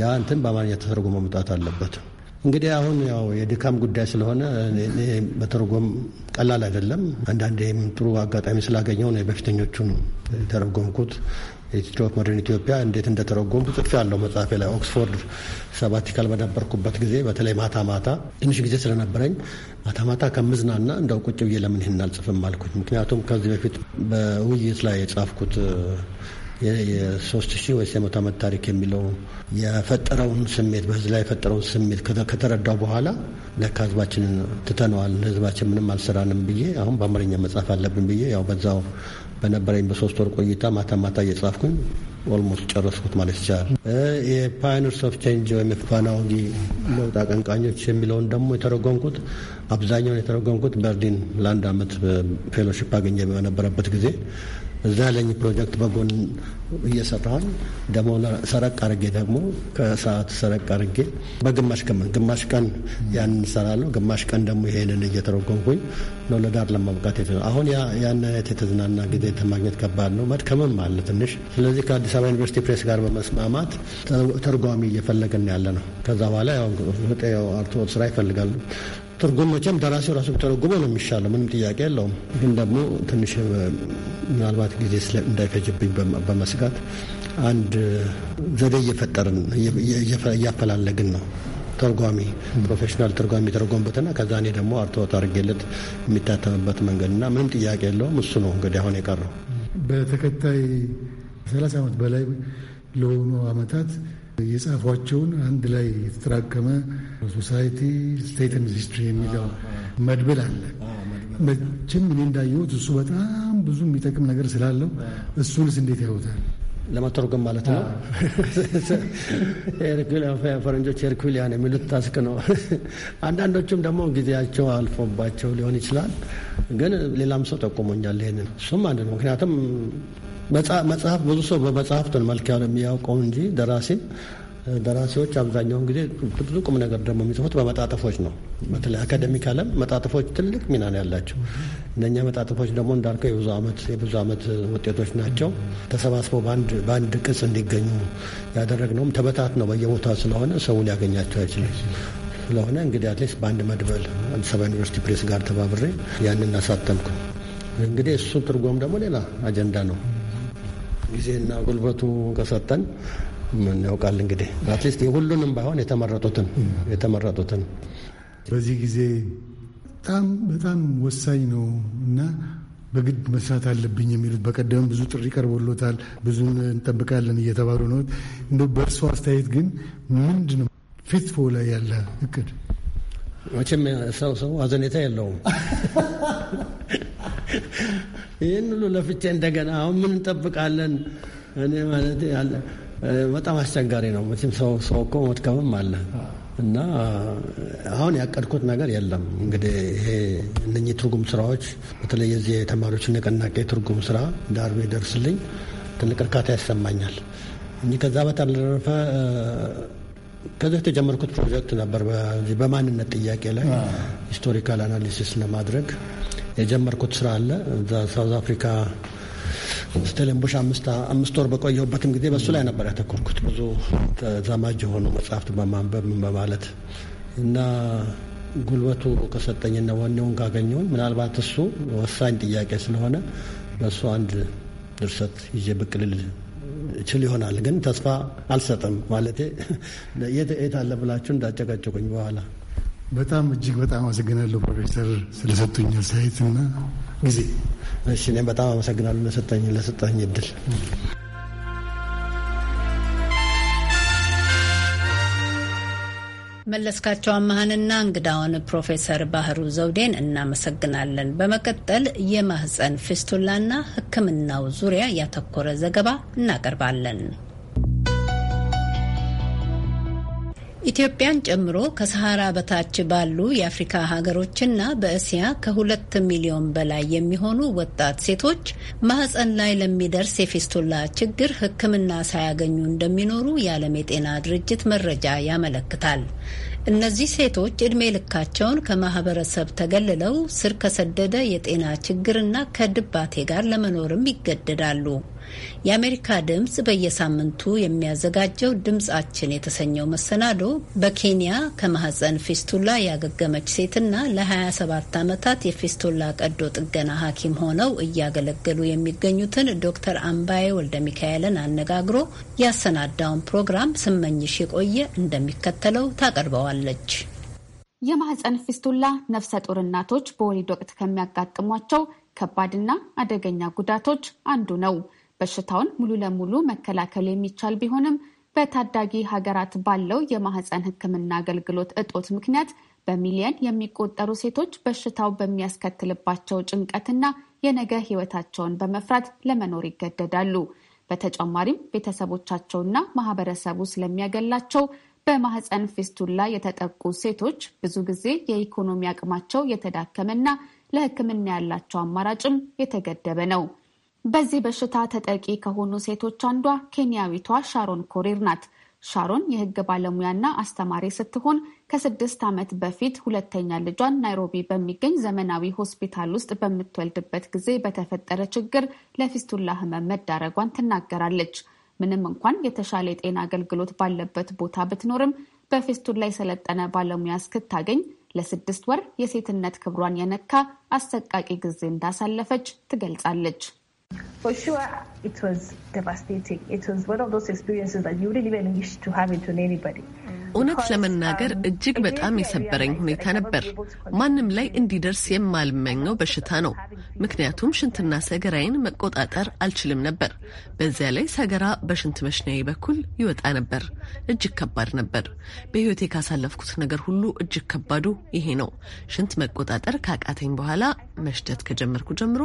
ያ እንትን በአማርኛ ተተርጉሞ መምጣት አለበት። እንግዲህ አሁን ያው የድካም ጉዳይ ስለሆነ መተርጎም ቀላል አይደለም። አንዳንዴም ጥሩ አጋጣሚ ስላገኘው ነው የበፊተኞቹን የተረጎምኩት። ኢትዮፕ ሞደርን ኢትዮጵያ እንዴት እንደተረጎምኩ ጽፍ ያለው መጽሐፌ ላይ ኦክስፎርድ ሰባቲካል በነበርኩበት ጊዜ በተለይ ማታ ማታ ትንሽ ጊዜ ስለነበረኝ ማታ ማታ ከምዝናና እንደው ቁጭ ብዬ ለምን ይህን አልጽፍም አልኩኝ። ምክንያቱም ከዚህ በፊት በውይይት ላይ የጻፍኩት የሶስት ሺህ ወይ የመቶ ዓመት ታሪክ የሚለው የፈጠረውን ስሜት በህዝብ ላይ የፈጠረውን ስሜት ከተረዳው በኋላ ለካ ህዝባችንን ትተነዋል፣ ህዝባችን ምንም አልሰራንም ብዬ አሁን በአማርኛ መጽሐፍ አለብን ብዬ ያው በዛው በነበረኝ በሶስት ወር ቆይታ ማታ ማታ እየጻፍኩኝ ኦልሞስት ጨረስኩት ማለት ይቻላል። የፓዮኒርስ ኦፍ ቼንጅ ወይም ወጊ ለውጥ አቀንቃኞች የሚለውን ደግሞ የተረጎምኩት አብዛኛውን የተረጎምኩት በርዲን ለአንድ አመት ፌሎሺፕ አገኘ በነበረበት ጊዜ እዛ ለኝ ፕሮጀክት በጎን እየሰራሁኝ ደግሞ ሰረቅ አርጌ ደግሞ ከሰዓቱ ሰረቅ አርጌ በግማሽ ቀን ግማሽ ቀን ያን እንሰራለሁ፣ ግማሽ ቀን ደግሞ ይሄንን እየተረጎምኩኝ ነው ለዳር ለማብቃት የተ አሁን ያን አይነት የተዝናና ጊዜ ማግኘት ከባድ ነው፣ መድከምም አለ ትንሽ። ስለዚህ ከአዲስ አበባ ዩኒቨርሲቲ ፕሬስ ጋር በመስማማት ተርጓሚ እየፈለግን ያለ ነው። ከዛ በኋላ ያው አርቶ ስራ ይፈልጋሉ ትርጉም መቼም ደራሲው ራሱ ተረጉሞ ነው የሚሻለው፣ ምንም ጥያቄ የለውም። ግን ደግሞ ትንሽ ምናልባት ጊዜ እንዳይፈጅብኝ በመስጋት አንድ ዘዴ እየፈጠርን እያፈላለግን ነው። ተርጓሚ ፕሮፌሽናል ተርጓሚ የተረጎምበትና ከዛ እኔ ደግሞ አርትዖት አድርጌለት የሚታተምበት መንገድና ምንም ጥያቄ የለውም። እሱ ነው እንግዲህ አሁን የቀረው በተከታይ 30 ዓመት በላይ ለሆኑ ዓመታት የጻፏቸውን አንድ ላይ የተጠራቀመ ሶሳይቲ ስቴትን ሂስትሪ የሚለው መድብል አለ። መቼም እኔ እንዳየሁት እሱ በጣም ብዙ የሚጠቅም ነገር ስላለው እሱንስ እንዴት ያዩታል? ለመተርጎም ማለት ነው። ፈረንጆች ሄርኩሊያን የሚሉት ታስክ ነው። አንዳንዶቹም ደግሞ ጊዜያቸው አልፎባቸው ሊሆን ይችላል። ግን ሌላም ሰው ጠቁሞኛል። ይህንን እሱም አንድ ነው። ምክንያቱም መጽሐፍ ብዙ ሰው በመጽሐፍ መልክ የሚያውቀው እንጂ ደራሲ ደራሲዎች አብዛኛውን ጊዜ ብዙ ቁም ነገር ደግሞ የሚጽፉት በመጣጥፎች ነው። በተለይ አካደሚክ ዓለም መጣጥፎች ትልቅ ሚና ነው ያላቸው። እነኛ መጣጥፎች ደግሞ እንዳልከው የብዙ ዓመት የብዙ ዓመት ውጤቶች ናቸው። ተሰባስበው በአንድ ቅጽ እንዲገኙ ያደረግነውም ተበታት ነው በየቦታ ስለሆነ ሰው ሊያገኛቸው አይችልም። ስለሆነ እንግዲህ አትሊስት በአንድ መድበል አዲስ አበባ ዩኒቨርሲቲ ፕሬስ ጋር ተባብሬ ያንን አሳተምኩ። እንግዲህ እሱ ትርጉም ደግሞ ሌላ አጀንዳ ነው። ጊዜና ጉልበቱ ከሰጠን ምን ያውቃል እንግዲህ አትሊስት የሁሉንም ባይሆን የተመረጡትን የተመረጡትን በዚህ ጊዜ በጣም በጣም ወሳኝ ነው እና በግድ መስራት አለብኝ የሚሉት በቀደም ብዙ ጥሪ ቀርቦሎታል። ብዙ እንጠብቃለን እየተባሉ ነው። እንደ በእርሶ አስተያየት ግን ምንድን ነው ፊትፎ ላይ ያለ እቅድ? መቼም ሰው ሰው አዘኔታ የለውም ይህን ሁሉ ለፍቼ እንደገና አሁን ምን እንጠብቃለን? እኔ ማለት ያለ በጣም አስቸጋሪ ነው። መቼም ሰው ሰው እኮ መድከምም አለ እና አሁን ያቀድኩት ነገር የለም። እንግዲህ ይሄ እነኚህ ትርጉም ስራዎች በተለይ የዚህ የተማሪዎች ንቅናቄ ትርጉም ስራ ዳርቤ ደርስልኝ ትልቅ እርካታ ያሰማኛል እ ከዛ በተረፈ ከዚህ የተጀመርኩት ፕሮጀክት ነበር በማንነት ጥያቄ ላይ ሂስቶሪካል አናሊሲስ ለማድረግ የጀመርኩት ስራ አለ ሳውዝ አፍሪካ ስተሌንቦሽ አምስት ወር በቆየሁበትም ጊዜ በሱ ላይ ነበር ያተኮርኩት። ብዙ ተዛማጅ የሆኑ መጽሐፍት በማንበብ ምን በማለት እና ጉልበቱ ከሰጠኝና ወኔውን ካገኘውን ምናልባት እሱ ወሳኝ ጥያቄ ስለሆነ በእሱ አንድ ድርሰት ይዤ ብቅ ልል እችል ይሆናል። ግን ተስፋ አልሰጥም ማለቴ የት አለ ብላችሁ እንዳጨቀጭቁኝ በኋላ በጣም እጅግ በጣም አመሰግናለሁ ፕሮፌሰር ስለሰጡኝ አስተያየትና ጊዜ። እሺ እኔም በጣም አመሰግናለሁ ለሰጠኝ ለሰጠኝ እድል። መለስካቸው አመሀንና እንግዳውን ፕሮፌሰር ባህሩ ዘውዴን እናመሰግናለን። በመቀጠል የማህፀን ፊስቱላና ሕክምናው ዙሪያ ያተኮረ ዘገባ እናቀርባለን። ኢትዮጵያን ጨምሮ ከሰሃራ በታች ባሉ የአፍሪካ ሀገሮችና በእስያ ከሁለት ሚሊዮን በላይ የሚሆኑ ወጣት ሴቶች ማህፀን ላይ ለሚደርስ የፌስቱላ ችግር ሕክምና ሳያገኙ እንደሚኖሩ የዓለም የጤና ድርጅት መረጃ ያመለክታል። እነዚህ ሴቶች ዕድሜ ልካቸውን ከማህበረሰብ ተገልለው ስር ከሰደደ የጤና ችግርና ከድባቴ ጋር ለመኖርም ይገደዳሉ። የአሜሪካ ድምፅ በየሳምንቱ የሚያዘጋጀው ድምፃችን የተሰኘው መሰናዶ በኬንያ ከማህፀን ፊስቱላ ያገገመች ሴትና ለ27 ዓመታት የፊስቱላ ቀዶ ጥገና ሐኪም ሆነው እያገለገሉ የሚገኙትን ዶክተር አምባዬ ወልደ ሚካኤልን አነጋግሮ ያሰናዳውን ፕሮግራም ስመኝሽ የቆየ እንደሚከተለው ታቀርበዋለች። የማህፀን ፊስቱላ ነፍሰ ጡር እናቶች በወሊድ ወቅት ከሚያጋጥሟቸው ከባድና አደገኛ ጉዳቶች አንዱ ነው። በሽታውን ሙሉ ለሙሉ መከላከል የሚቻል ቢሆንም በታዳጊ ሀገራት ባለው የማህፀን ሕክምና አገልግሎት እጦት ምክንያት በሚሊየን የሚቆጠሩ ሴቶች በሽታው በሚያስከትልባቸው ጭንቀትና የነገ ህይወታቸውን በመፍራት ለመኖር ይገደዳሉ። በተጨማሪም ቤተሰቦቻቸውና ማህበረሰቡ ስለሚያገላቸው በማህፀን ፊስቱላ የተጠቁ ሴቶች ብዙ ጊዜ የኢኮኖሚ አቅማቸው የተዳከመና ለህክምና ያላቸው አማራጭም የተገደበ ነው። በዚህ በሽታ ተጠቂ ከሆኑ ሴቶች አንዷ ኬንያዊቷ ሻሮን ኮሪር ናት። ሻሮን የሕግ ባለሙያና አስተማሪ ስትሆን ከስድስት ዓመት በፊት ሁለተኛ ልጇን ናይሮቢ በሚገኝ ዘመናዊ ሆስፒታል ውስጥ በምትወልድበት ጊዜ በተፈጠረ ችግር ለፊስቱላ ሕመም መዳረጓን ትናገራለች። ምንም እንኳን የተሻለ የጤና አገልግሎት ባለበት ቦታ ብትኖርም በፊስቱላ የሰለጠነ ባለሙያ እስክታገኝ ለስድስት ወር የሴትነት ክብሯን የነካ አሰቃቂ ጊዜ እንዳሳለፈች ትገልጻለች። For sure, it was devastating. It was one of those experiences that you wouldn't even wish to have it on anybody. እውነት ለመናገር um, እጅግ በጣም የሰበረኝ ሁኔታ ነበር። ማንም ላይ እንዲደርስ የማልመኘው በሽታ ነው። ምክንያቱም ሽንትና ሰገራዬን መቆጣጠር አልችልም ነበር። በዚያ ላይ ሰገራ በሽንት መሽናዬ በኩል ይወጣ ነበር። እጅግ ከባድ ነበር። በሕይወቴ ካሳለፍኩት ነገር ሁሉ እጅግ ከባዱ ይሄ ነው። ሽንት መቆጣጠር ካቃተኝ በኋላ መሽተት ከጀመርኩ ጀምሮ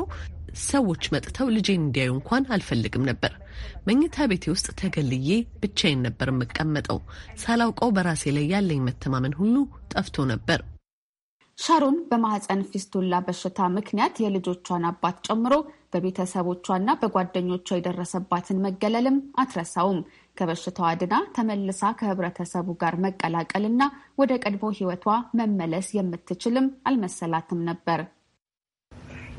ሰዎች መጥተው ልጄን እንዲያዩ እንኳን አልፈልግም ነበር። መኝታ ቤቴ ውስጥ ተገልዬ ብቻዬን ነበር የምቀመጠው። ሳላውቀው በራሴ ላይ ያለኝ መተማመን ሁሉ ጠፍቶ ነበር። ሻሮን በማህፀን ፊስቱላ በሽታ ምክንያት የልጆቿን አባት ጨምሮ በቤተሰቦቿና በጓደኞቿ የደረሰባትን መገለልም አትረሳውም። ከበሽታዋ ድና ተመልሳ ከህብረተሰቡ ጋር መቀላቀልና ወደ ቀድሞ ህይወቷ መመለስ የምትችልም አልመሰላትም ነበር።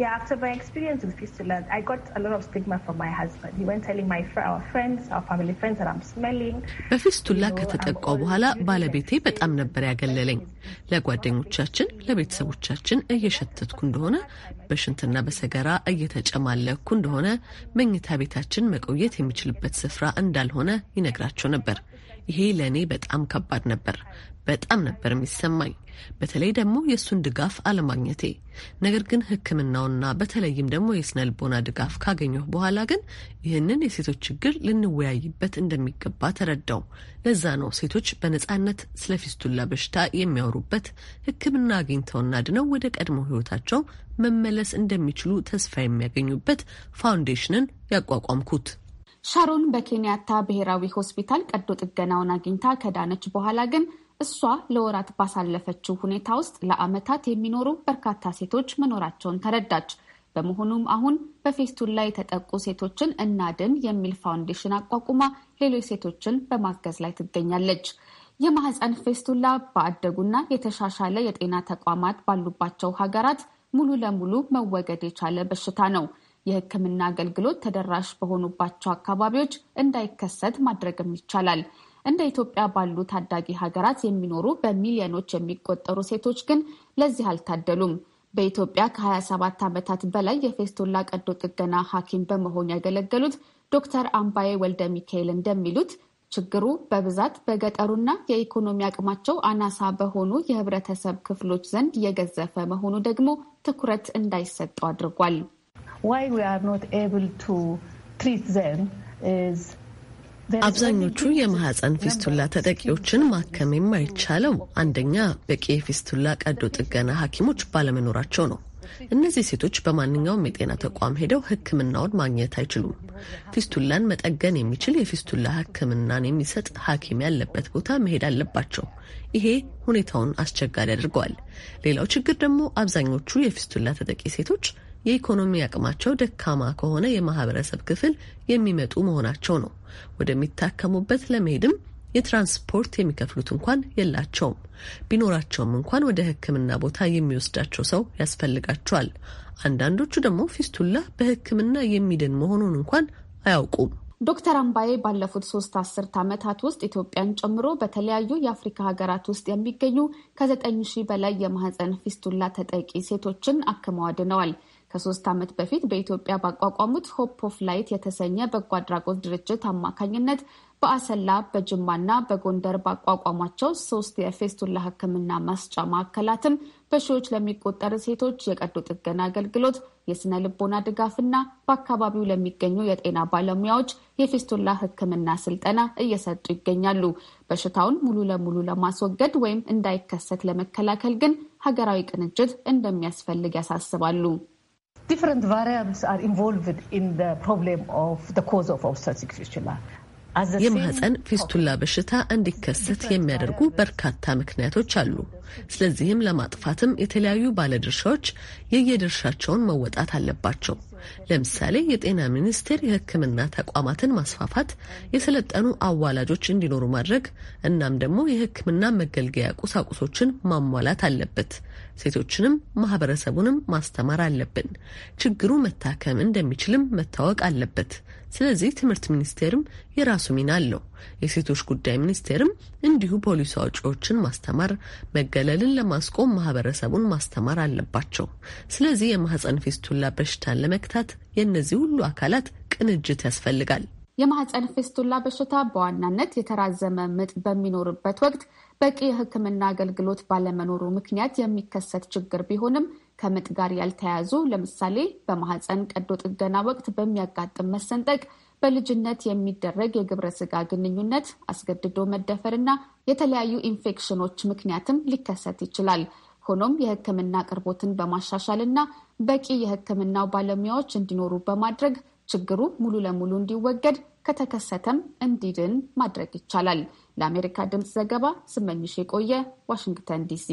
Yeah, after my experience with Switzerland, I got a lot of stigma from my husband. He went telling my our friends, our family friends that I'm smelling. በፊስቱላ ከተጠቃው በኋላ ባለቤቴ በጣም ነበር ያገለለኝ። ለጓደኞቻችን፣ ለቤተሰቦቻችን እየሸተትኩ እንደሆነ፣ በሽንትና በሰገራ እየተጨማለኩ እንደሆነ፣ መኝታ ቤታችን መቆየት የሚችልበት ስፍራ እንዳልሆነ ይነግራቸው ነበር። ይሄ ለእኔ በጣም ከባድ ነበር። በጣም ነበር የሚሰማኝ። በተለይ ደግሞ የእሱን ድጋፍ አለማግኘቴ። ነገር ግን ሕክምናውና በተለይም ደግሞ የስነ ልቦና ድጋፍ ካገኘሁ በኋላ ግን ይህንን የሴቶች ችግር ልንወያይበት እንደሚገባ ተረዳው። ለዛ ነው ሴቶች በነጻነት ስለ ፊስቱላ በሽታ የሚያወሩበት፣ ሕክምና አግኝተውና ድነው ወደ ቀድሞ ህይወታቸው መመለስ እንደሚችሉ ተስፋ የሚያገኙበት ፋውንዴሽንን ያቋቋምኩት። ሻሮን በኬንያታ ብሔራዊ ሆስፒታል ቀዶ ጥገናውን አግኝታ ከዳነች በኋላ ግን እሷ ለወራት ባሳለፈችው ሁኔታ ውስጥ ለአመታት የሚኖሩ በርካታ ሴቶች መኖራቸውን ተረዳች። በመሆኑም አሁን በፌስቱላ የተጠቁ ሴቶችን እናድን የሚል ፋውንዴሽን አቋቁማ ሌሎች ሴቶችን በማገዝ ላይ ትገኛለች። የማህፀን ፌስቱላ በአደጉና የተሻሻለ የጤና ተቋማት ባሉባቸው ሀገራት ሙሉ ለሙሉ መወገድ የቻለ በሽታ ነው። የሕክምና አገልግሎት ተደራሽ በሆኑባቸው አካባቢዎች እንዳይከሰት ማድረግም ይቻላል። እንደ ኢትዮጵያ ባሉ ታዳጊ ሀገራት የሚኖሩ በሚሊዮኖች የሚቆጠሩ ሴቶች ግን ለዚህ አልታደሉም። በኢትዮጵያ ከ27 ዓመታት በላይ የፌስቶላ ቀዶ ጥገና ሐኪም በመሆን ያገለገሉት ዶክተር አምባዬ ወልደ ሚካኤል እንደሚሉት ችግሩ በብዛት በገጠሩና የኢኮኖሚ አቅማቸው አናሳ በሆኑ የህብረተሰብ ክፍሎች ዘንድ የገዘፈ መሆኑ ደግሞ ትኩረት እንዳይሰጠው አድርጓል። ዋይ ዊ አር ኖት ኤብል ቱ ትሪት ዘም ኢዝ አብዛኞቹ የማህፀን ፊስቱላ ተጠቂዎችን ማከም የማይቻለው አንደኛ በቂ የፊስቱላ ቀዶ ጥገና ሐኪሞች ባለመኖራቸው ነው። እነዚህ ሴቶች በማንኛውም የጤና ተቋም ሄደው ሕክምናውን ማግኘት አይችሉም። ፊስቱላን መጠገን የሚችል የፊስቱላ ሕክምናን የሚሰጥ ሐኪም ያለበት ቦታ መሄድ አለባቸው። ይሄ ሁኔታውን አስቸጋሪ አድርገዋል። ሌላው ችግር ደግሞ አብዛኞቹ የፊስቱላ ተጠቂ ሴቶች የኢኮኖሚ አቅማቸው ደካማ ከሆነ የማህበረሰብ ክፍል የሚመጡ መሆናቸው ነው። ወደሚታከሙበት ለመሄድም የትራንስፖርት የሚከፍሉት እንኳን የላቸውም። ቢኖራቸውም እንኳን ወደ ሕክምና ቦታ የሚወስዳቸው ሰው ያስፈልጋቸዋል። አንዳንዶቹ ደግሞ ፊስቱላ በሕክምና የሚድን መሆኑን እንኳን አያውቁም። ዶክተር አምባዬ ባለፉት ሶስት አስርት ዓመታት ውስጥ ኢትዮጵያን ጨምሮ በተለያዩ የአፍሪካ ሀገራት ውስጥ የሚገኙ ከዘጠኝ ሺህ በላይ የማህፀን ፊስቱላ ተጠቂ ሴቶችን አክመው አድነዋል። ከሶስት ዓመት በፊት በኢትዮጵያ ባቋቋሙት ሆፕ ኦፍ ላይት የተሰኘ በጎ አድራጎት ድርጅት አማካኝነት በአሰላ በጅማና በጎንደር ባቋቋሟቸው ሶስት የፌስቱላ ሕክምና ማስጫ ማዕከላትም በሺዎች ለሚቆጠር ሴቶች የቀዶ ጥገና አገልግሎት፣ የስነ ልቦና ድጋፍና በአካባቢው ለሚገኙ የጤና ባለሙያዎች የፌስቱላ ሕክምና ስልጠና እየሰጡ ይገኛሉ። በሽታውን ሙሉ ለሙሉ ለማስወገድ ወይም እንዳይከሰት ለመከላከል ግን ሀገራዊ ቅንጅት እንደሚያስፈልግ ያሳስባሉ። different variables are involved in the problem of the cause of obstetric fistula. የማህፀን ፊስቱላ በሽታ እንዲከሰት የሚያደርጉ በርካታ ምክንያቶች አሉ። ስለዚህም ለማጥፋትም የተለያዩ ባለድርሻዎች የየድርሻቸውን መወጣት አለባቸው። ለምሳሌ የጤና ሚኒስቴር የሕክምና ተቋማትን ማስፋፋት፣ የሰለጠኑ አዋላጆች እንዲኖሩ ማድረግ እናም ደግሞ የሕክምና መገልገያ ቁሳቁሶችን ማሟላት አለበት። ሴቶችንም ማህበረሰቡንም ማስተማር አለብን። ችግሩ መታከም እንደሚችልም መታወቅ አለበት። ስለዚህ ትምህርት ሚኒስቴርም የራሱ ሚና አለው። የሴቶች ጉዳይ ሚኒስቴርም እንዲሁ ፖሊሲ አውጪዎችን ማስተማር፣ መገለልን ለማስቆም ማህበረሰቡን ማስተማር አለባቸው። ስለዚህ የማህፀን ፊስቱላ በሽታን ለመግታት የእነዚህ ሁሉ አካላት ቅንጅት ያስፈልጋል። የማህፀን ፌስቶላ በሽታ በዋናነት የተራዘመ ምጥ በሚኖርበት ወቅት በቂ የሕክምና አገልግሎት ባለመኖሩ ምክንያት የሚከሰት ችግር ቢሆንም ከምጥ ጋር ያልተያያዙ ለምሳሌ በማህፀን ቀዶ ጥገና ወቅት በሚያጋጥም መሰንጠቅ፣ በልጅነት የሚደረግ የግብረ ስጋ ግንኙነት፣ አስገድዶ እና የተለያዩ ኢንፌክሽኖች ምክንያትም ሊከሰት ይችላል። ሆኖም የሕክምና አቅርቦትን በማሻሻል እና በቂ የሕክምናው ባለሙያዎች እንዲኖሩ በማድረግ ችግሩ ሙሉ ለሙሉ እንዲወገድ ከተከሰተም እንዲድን ማድረግ ይቻላል። ለአሜሪካ ድምፅ ዘገባ ስመኝሽ የቆየ ዋሽንግተን ዲሲ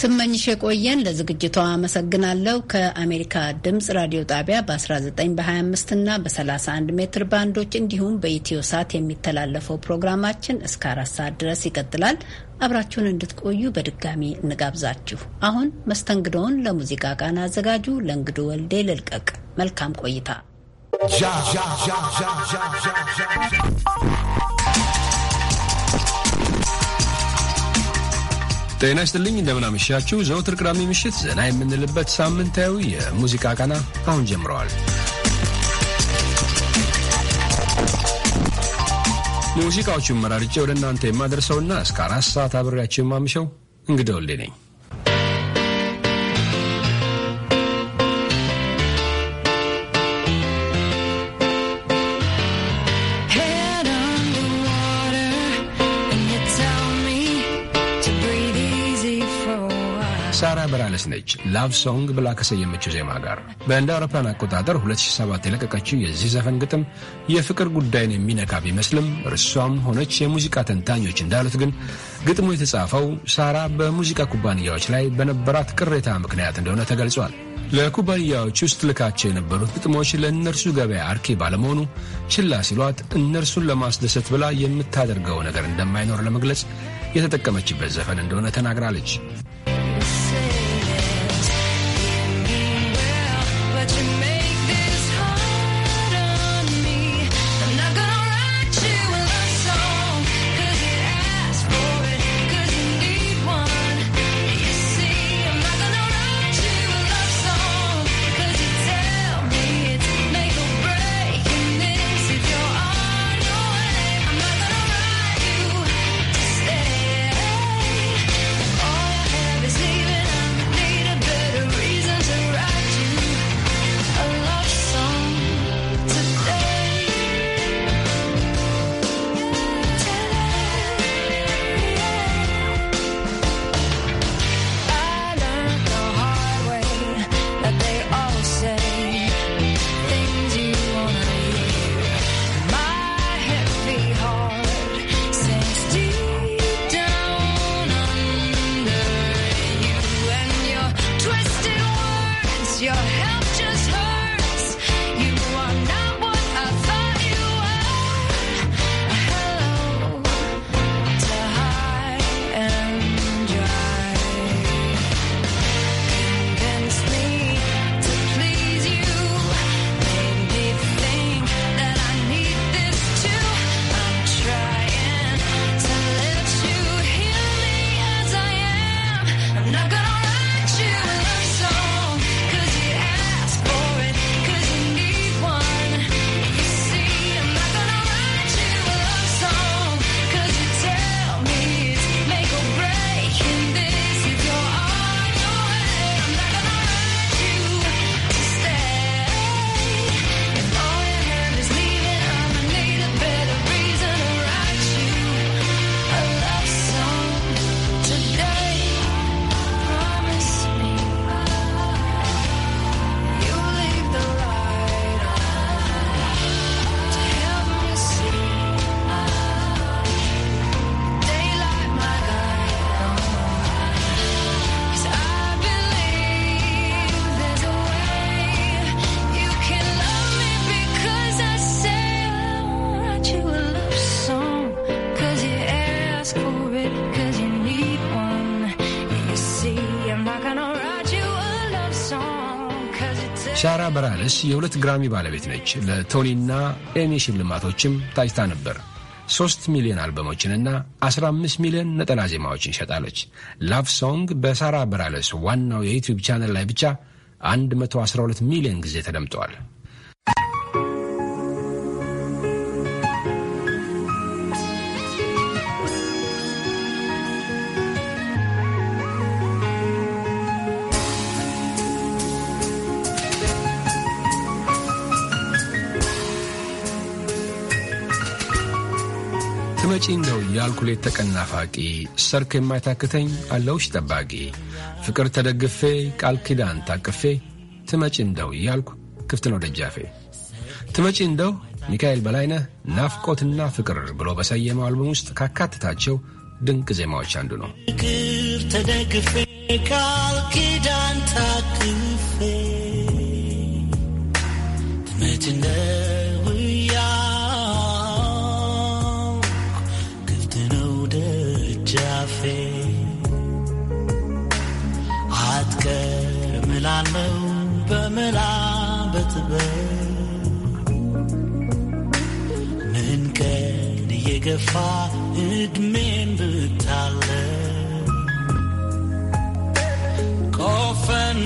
ስመኝሽ የቆየን ለዝግጅቷ አመሰግናለሁ። ከአሜሪካ ድምጽ ራዲዮ ጣቢያ በ19 በ25 እና በ31 ሜትር ባንዶች እንዲሁም በኢትዮ ሳት የሚተላለፈው ፕሮግራማችን እስከ አራት ሰዓት ድረስ ይቀጥላል። አብራችሁን እንድትቆዩ በድጋሚ እንጋብዛችሁ። አሁን መስተንግዶውን ለሙዚቃ ቃና አዘጋጁ ለእንግዱ ወልዴ ልልቀቅ። መልካም ቆይታ። ጤና ይስጥልኝ። እንደምናመሻችሁ። ዘወትር ቅዳሜ ምሽት ዘና የምንልበት ሳምንታዊ የሙዚቃ ቀና አሁን ጀምረዋል። ሙዚቃዎቹን መራርጬ ወደ እናንተ የማደርሰውና እስከ አራት ሰዓት አብሬያቸው የማምሸው እንግዳ ወልዴ ነኝ። በራለስ ነች ላቭ ሶንግ ብላ ከሰየመችው ዜማ ጋር በእንደ አውሮፓን አቆጣጠር 2007 የለቀቀችው የዚህ ዘፈን ግጥም የፍቅር ጉዳይን የሚነካ ቢመስልም እርሷም ሆነች የሙዚቃ ተንታኞች እንዳሉት ግን ግጥሙ የተጻፈው ሳራ በሙዚቃ ኩባንያዎች ላይ በነበራት ቅሬታ ምክንያት እንደሆነ ተገልጿል። ለኩባንያዎች ውስጥ ልካቸው የነበሩት ግጥሞች ለእነርሱ ገበያ አርኪ ባለመሆኑ ችላ ሲሏት እነርሱን ለማስደሰት ብላ የምታደርገው ነገር እንደማይኖር ለመግለጽ የተጠቀመችበት ዘፈን እንደሆነ ተናግራለች። ቫለንስ የሁለት ግራሚ ባለቤት ነች። ለቶኒና ኤሚ ሽልማቶችም ታጭታ ነበር። ሶስት ሚሊዮን አልበሞችንና 15 ሚሊዮን ነጠላ ዜማዎችን ሸጣለች። ላቭ ሶንግ በሳራ በራለስ ዋናው የዩትዩብ ቻነል ላይ ብቻ 112 ሚሊዮን ጊዜ ተደምጠዋል። ነው ያልኩሌት ተቀናፋቂ ሰርክ የማይታክተኝ አለውሽ ጠባቂ ፍቅር ተደግፌ ቃል ኪዳን ታቅፌ ትመጪ እንደው እያልኩ ክፍት ነው ደጃፌ ትመጪ እንደው ሚካኤል በላይነህ ናፍቆትና ፍቅር ብሎ በሰየመው አልበም ውስጥ ካካትታቸው ድንቅ ዜማዎች አንዱ ነው። ፍቅር ተደግፌ ቃል ኪዳን ታቅፌ ትመጪ እንደው ምን ቀን እየገፋ እድሜን ብታለ ቆፈን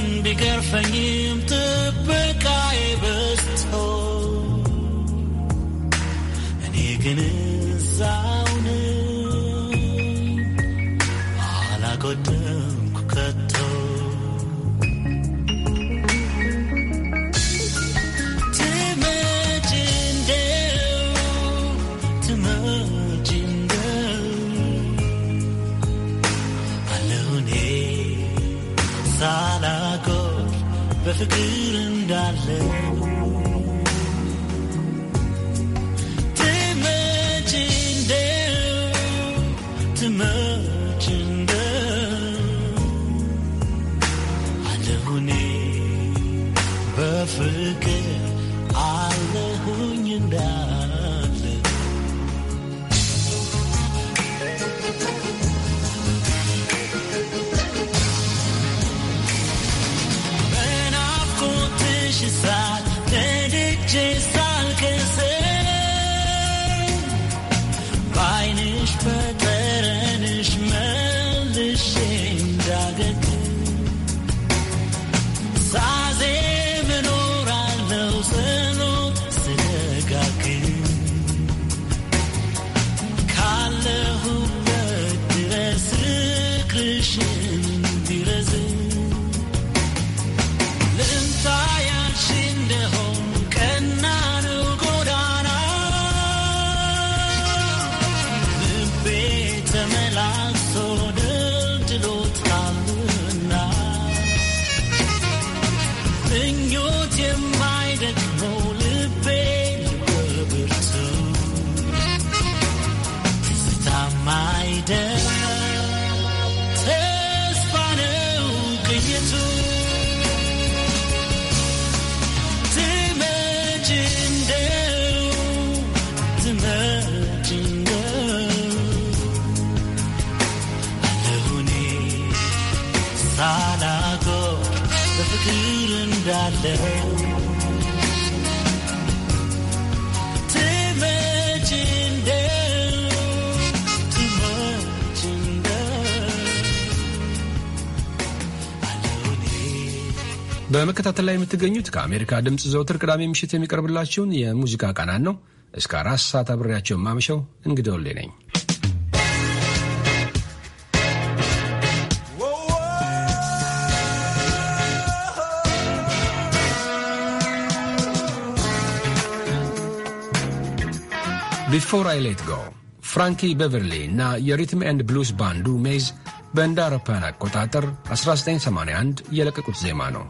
to do, darling. ማይደር ተስፋ ነው ቅኝቱ ትመጭንደው ትመጭንደው አለሁኔ ሳላጎ በፍቅር እንዳለው በመከታተል ላይ የምትገኙት ከአሜሪካ ድምፅ ዘውትር ቅዳሜ ምሽት የሚቀርብላችሁን የሙዚቃ ቃናን ነው። እስከ አራት ሰዓት አብሬያቸው የማመሸው ወሌ ነኝ። ቢፎር አይ ሌት ጎ ፍራንኪ ቤቨርሊ እና የሪትም ኤንድ ብሉስ ባንዱ ሜዝ በእንደ አውሮፓውያን አቆጣጠር 1981 የለቀቁት ዜማ ነው።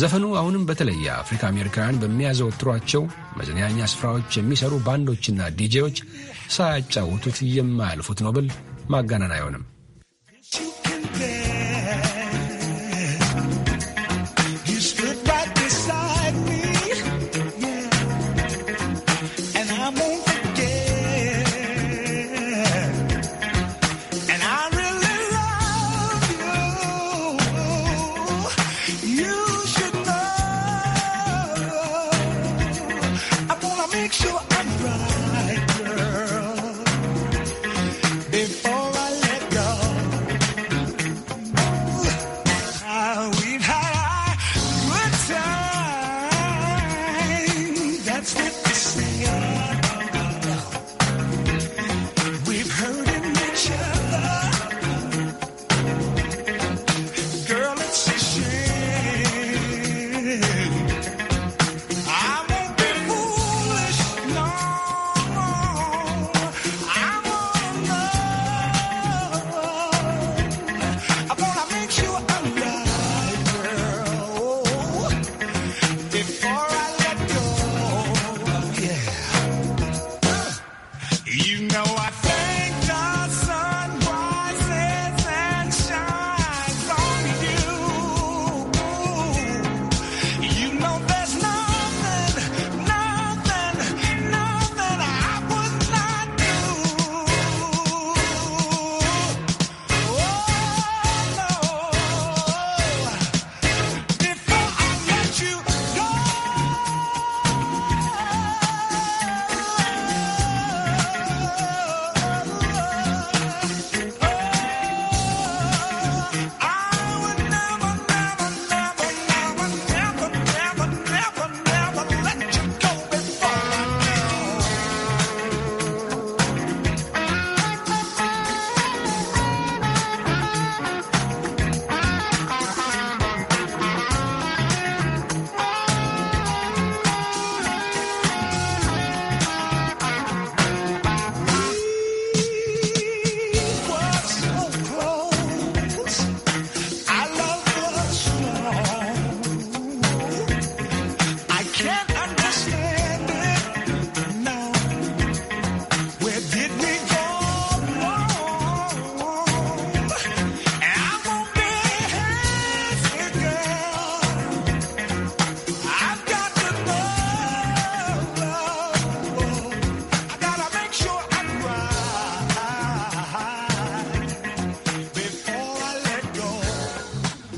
ዘፈኑ አሁንም በተለይ የአፍሪካ አሜሪካውያን በሚያዘወትሯቸው መዝናኛ ስፍራዎች የሚሰሩ ባንዶችና ዲጄዎች ሳያጫውቱት የማያልፉት ነው ብል ማጋነን አይሆንም።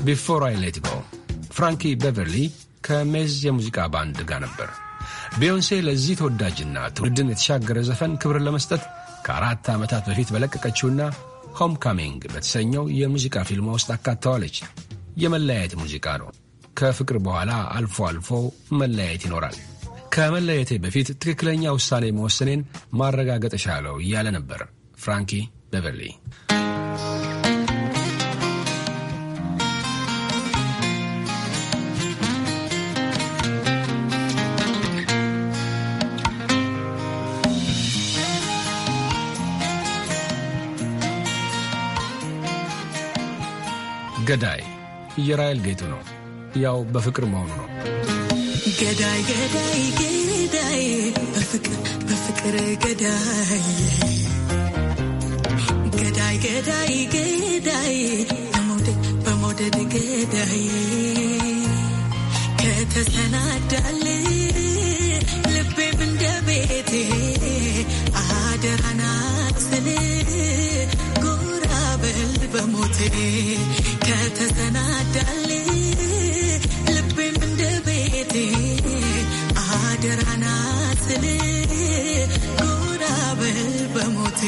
ቢፎር አይ ሌት ጎ ፍራንኪ ቤቨርሊ ከሜዝ የሙዚቃ ባንድ ጋር ነበር። ቢዮንሴ ለዚህ ተወዳጅና ትውልድን የተሻገረ ዘፈን ክብር ለመስጠት ከአራት ዓመታት በፊት በለቀቀችውና ሆም ካሚንግ በተሰኘው የሙዚቃ ፊልሟ ውስጥ አካተዋለች። የመለያየት ሙዚቃ ነው። ከፍቅር በኋላ አልፎ አልፎ መለያየት ይኖራል። ከመለያየቴ በፊት ትክክለኛ ውሳኔ መወሰኔን ማረጋገጥ እሻለው እያለ ነበር ፍራንኪ ቤቨርሊ። ገዳይ እየራኤል ጌቱ ነው። ያው በፍቅር መሆኑ ነው። ገዳይ ገዳይ ገዳይ በፍቅር በፍቅር ገዳይ ገዳይ ገዳይ ገዳይ በመውደድ በመውደድ ገዳይ ከተሰናዳል ልቤም እንደ ቤቴ አደራና ስል ብል በሞቴ ከተሰናዳል ልቤም እንደ ቤቴ አደራናትን ኑራ ብል በሞቴ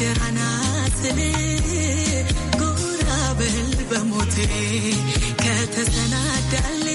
ደራናስን ጎራ በህል በሞቴ ከተሰናዳለ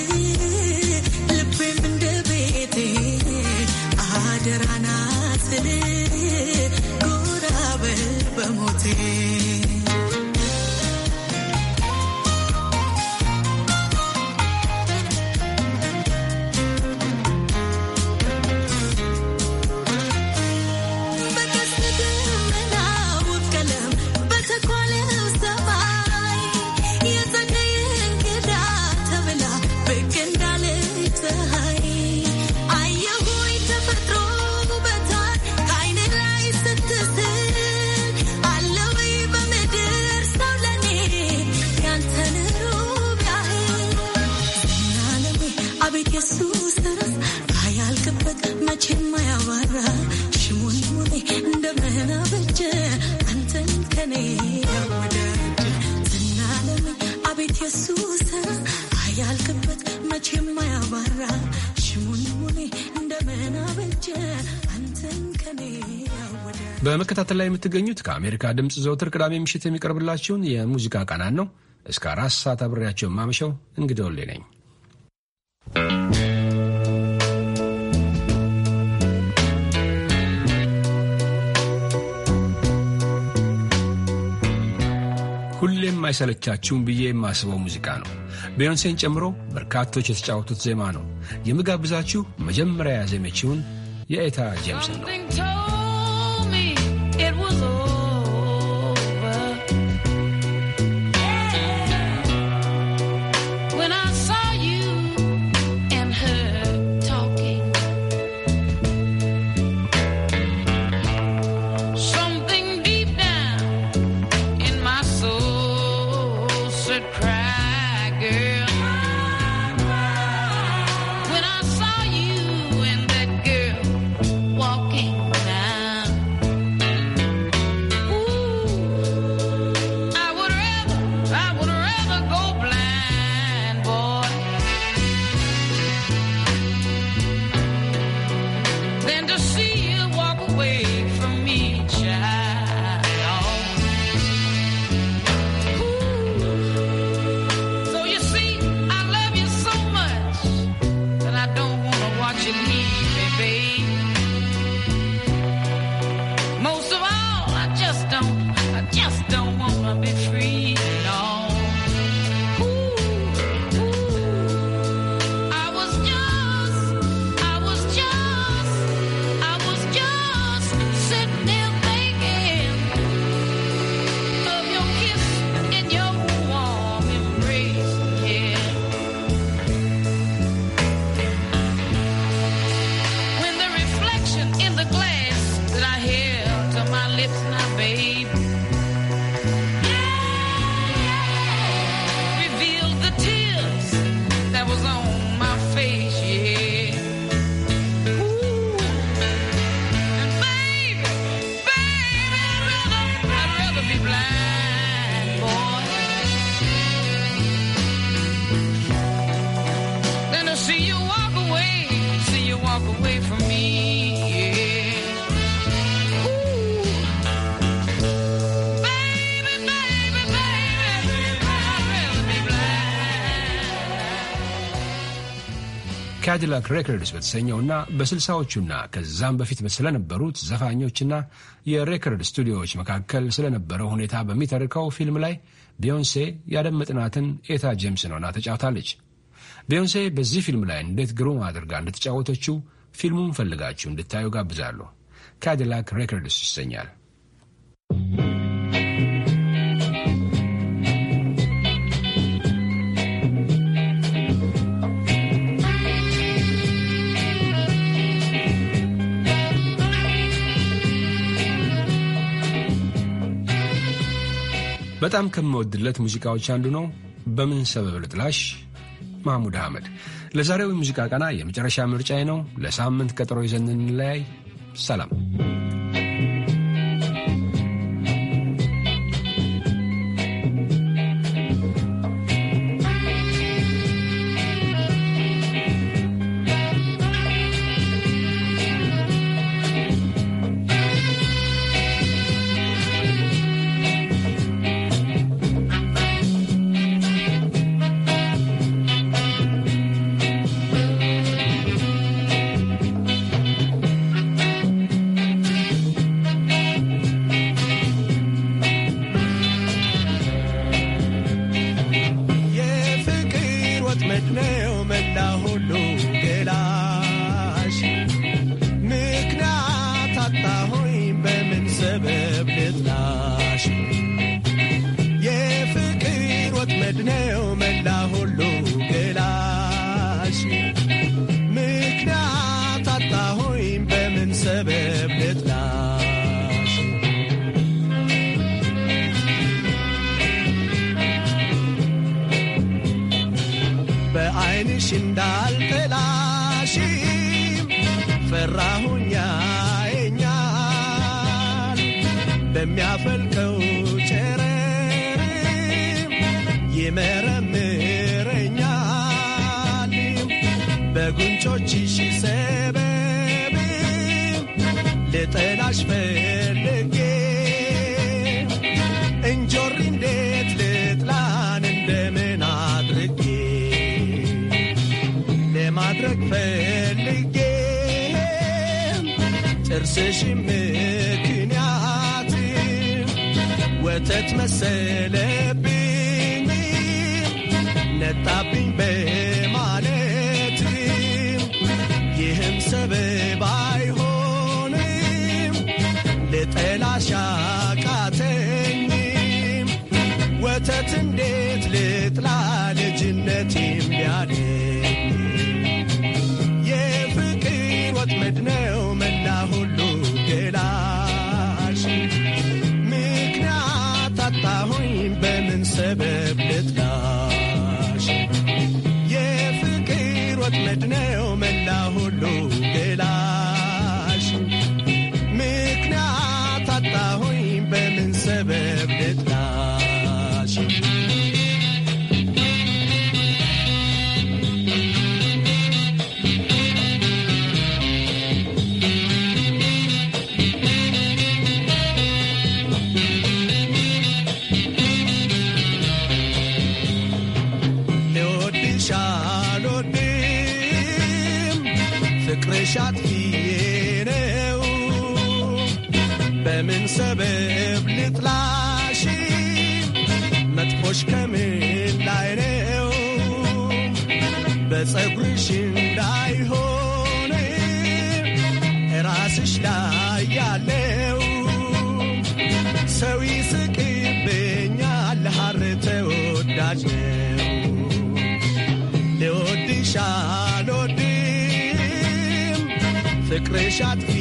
የምትገኙት ከአሜሪካ ድምፅ ዘውትር ቅዳሜ ምሽት የሚቀርብላችሁን የሙዚቃ ቃናን ነው። እስከ አራት ሰዓት አብሬያቸው የማመሸው እንግዲህ ወሌ ነኝ። ሁሌም አይሰለቻችውን ብዬ የማስበው ሙዚቃ ነው። ቢዮንሴን ጨምሮ በርካቶች የተጫወቱት ዜማ ነው። የምጋብዛችሁ መጀመሪያ ያዜመችውን የኤታ ጄምስን ነው። ካዲላክ ሬኮርድስ በተሰኘውና በስልሳዎቹና ከዛም በፊት ስለነበሩት ዘፋኞችና የሬኮርድ ስቱዲዮዎች መካከል ስለነበረው ሁኔታ በሚተርከው ፊልም ላይ ቢዮንሴ ያደመጥናትን ኤታ ጄምስ ሆና ተጫውታለች። ቢዮንሴ በዚህ ፊልም ላይ እንዴት ግሩም አድርጋ እንደተጫወተችው ፊልሙን ፈልጋችሁ እንድታዩ ጋብዛለሁ። ካዲላክ ሬኮርድስ ይሰኛል። በጣም ከምወድለት ሙዚቃዎች አንዱ ነው። በምን ሰበብ ልጥላሽ ማህሙድ አህመድ። ለዛሬው የሙዚቃ ቀና የመጨረሻ ምርጫዬ ነው። ለሳምንት ቀጠሮ ይዘን እንለያይ። ሰላም ፈልጌ እንጆሪ እንዴት ልጥላን እንደምን አድርጌ ፈልጌ ጥርስሽ ምክንያት ወተት መሰለብኝ ነጣብ Team Biadi. ሰበብ ልጥላሽ መጥፎሽ ከምን ላይ ነው በፀጉርሽ እንዳይሆን ራስሽ ላይ ያለው ሰው ይስቅብኛል። ሐር ተወዳጅ ነው ልወድሽ አልወድም ፍቅርሽ አጥፍ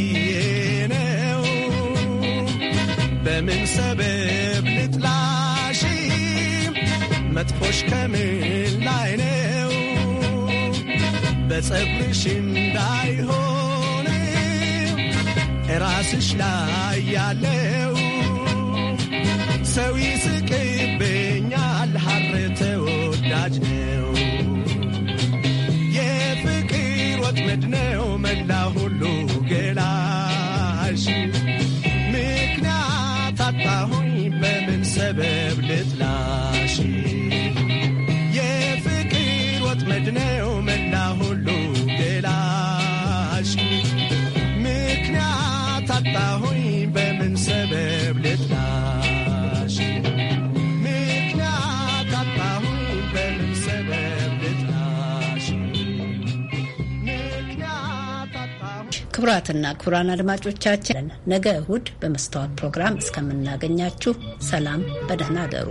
በምን ሰበብ ልጥላሽ መጥፎሽ ከምን ላይ ነው በጸጉርሽ እንዳይሆን እራስሽ ላይ ያለው ሰው ይስቅብኛል ሐር ተወዳጅ ነው የፍቅር ወጥመድ ነው መላሁ Islam ክቡራትና ክቡራን አድማጮቻችን ነገ እሁድ በመስተዋት ፕሮግራም እስከምናገኛችሁ ሰላም፣ በደህና አደሩ።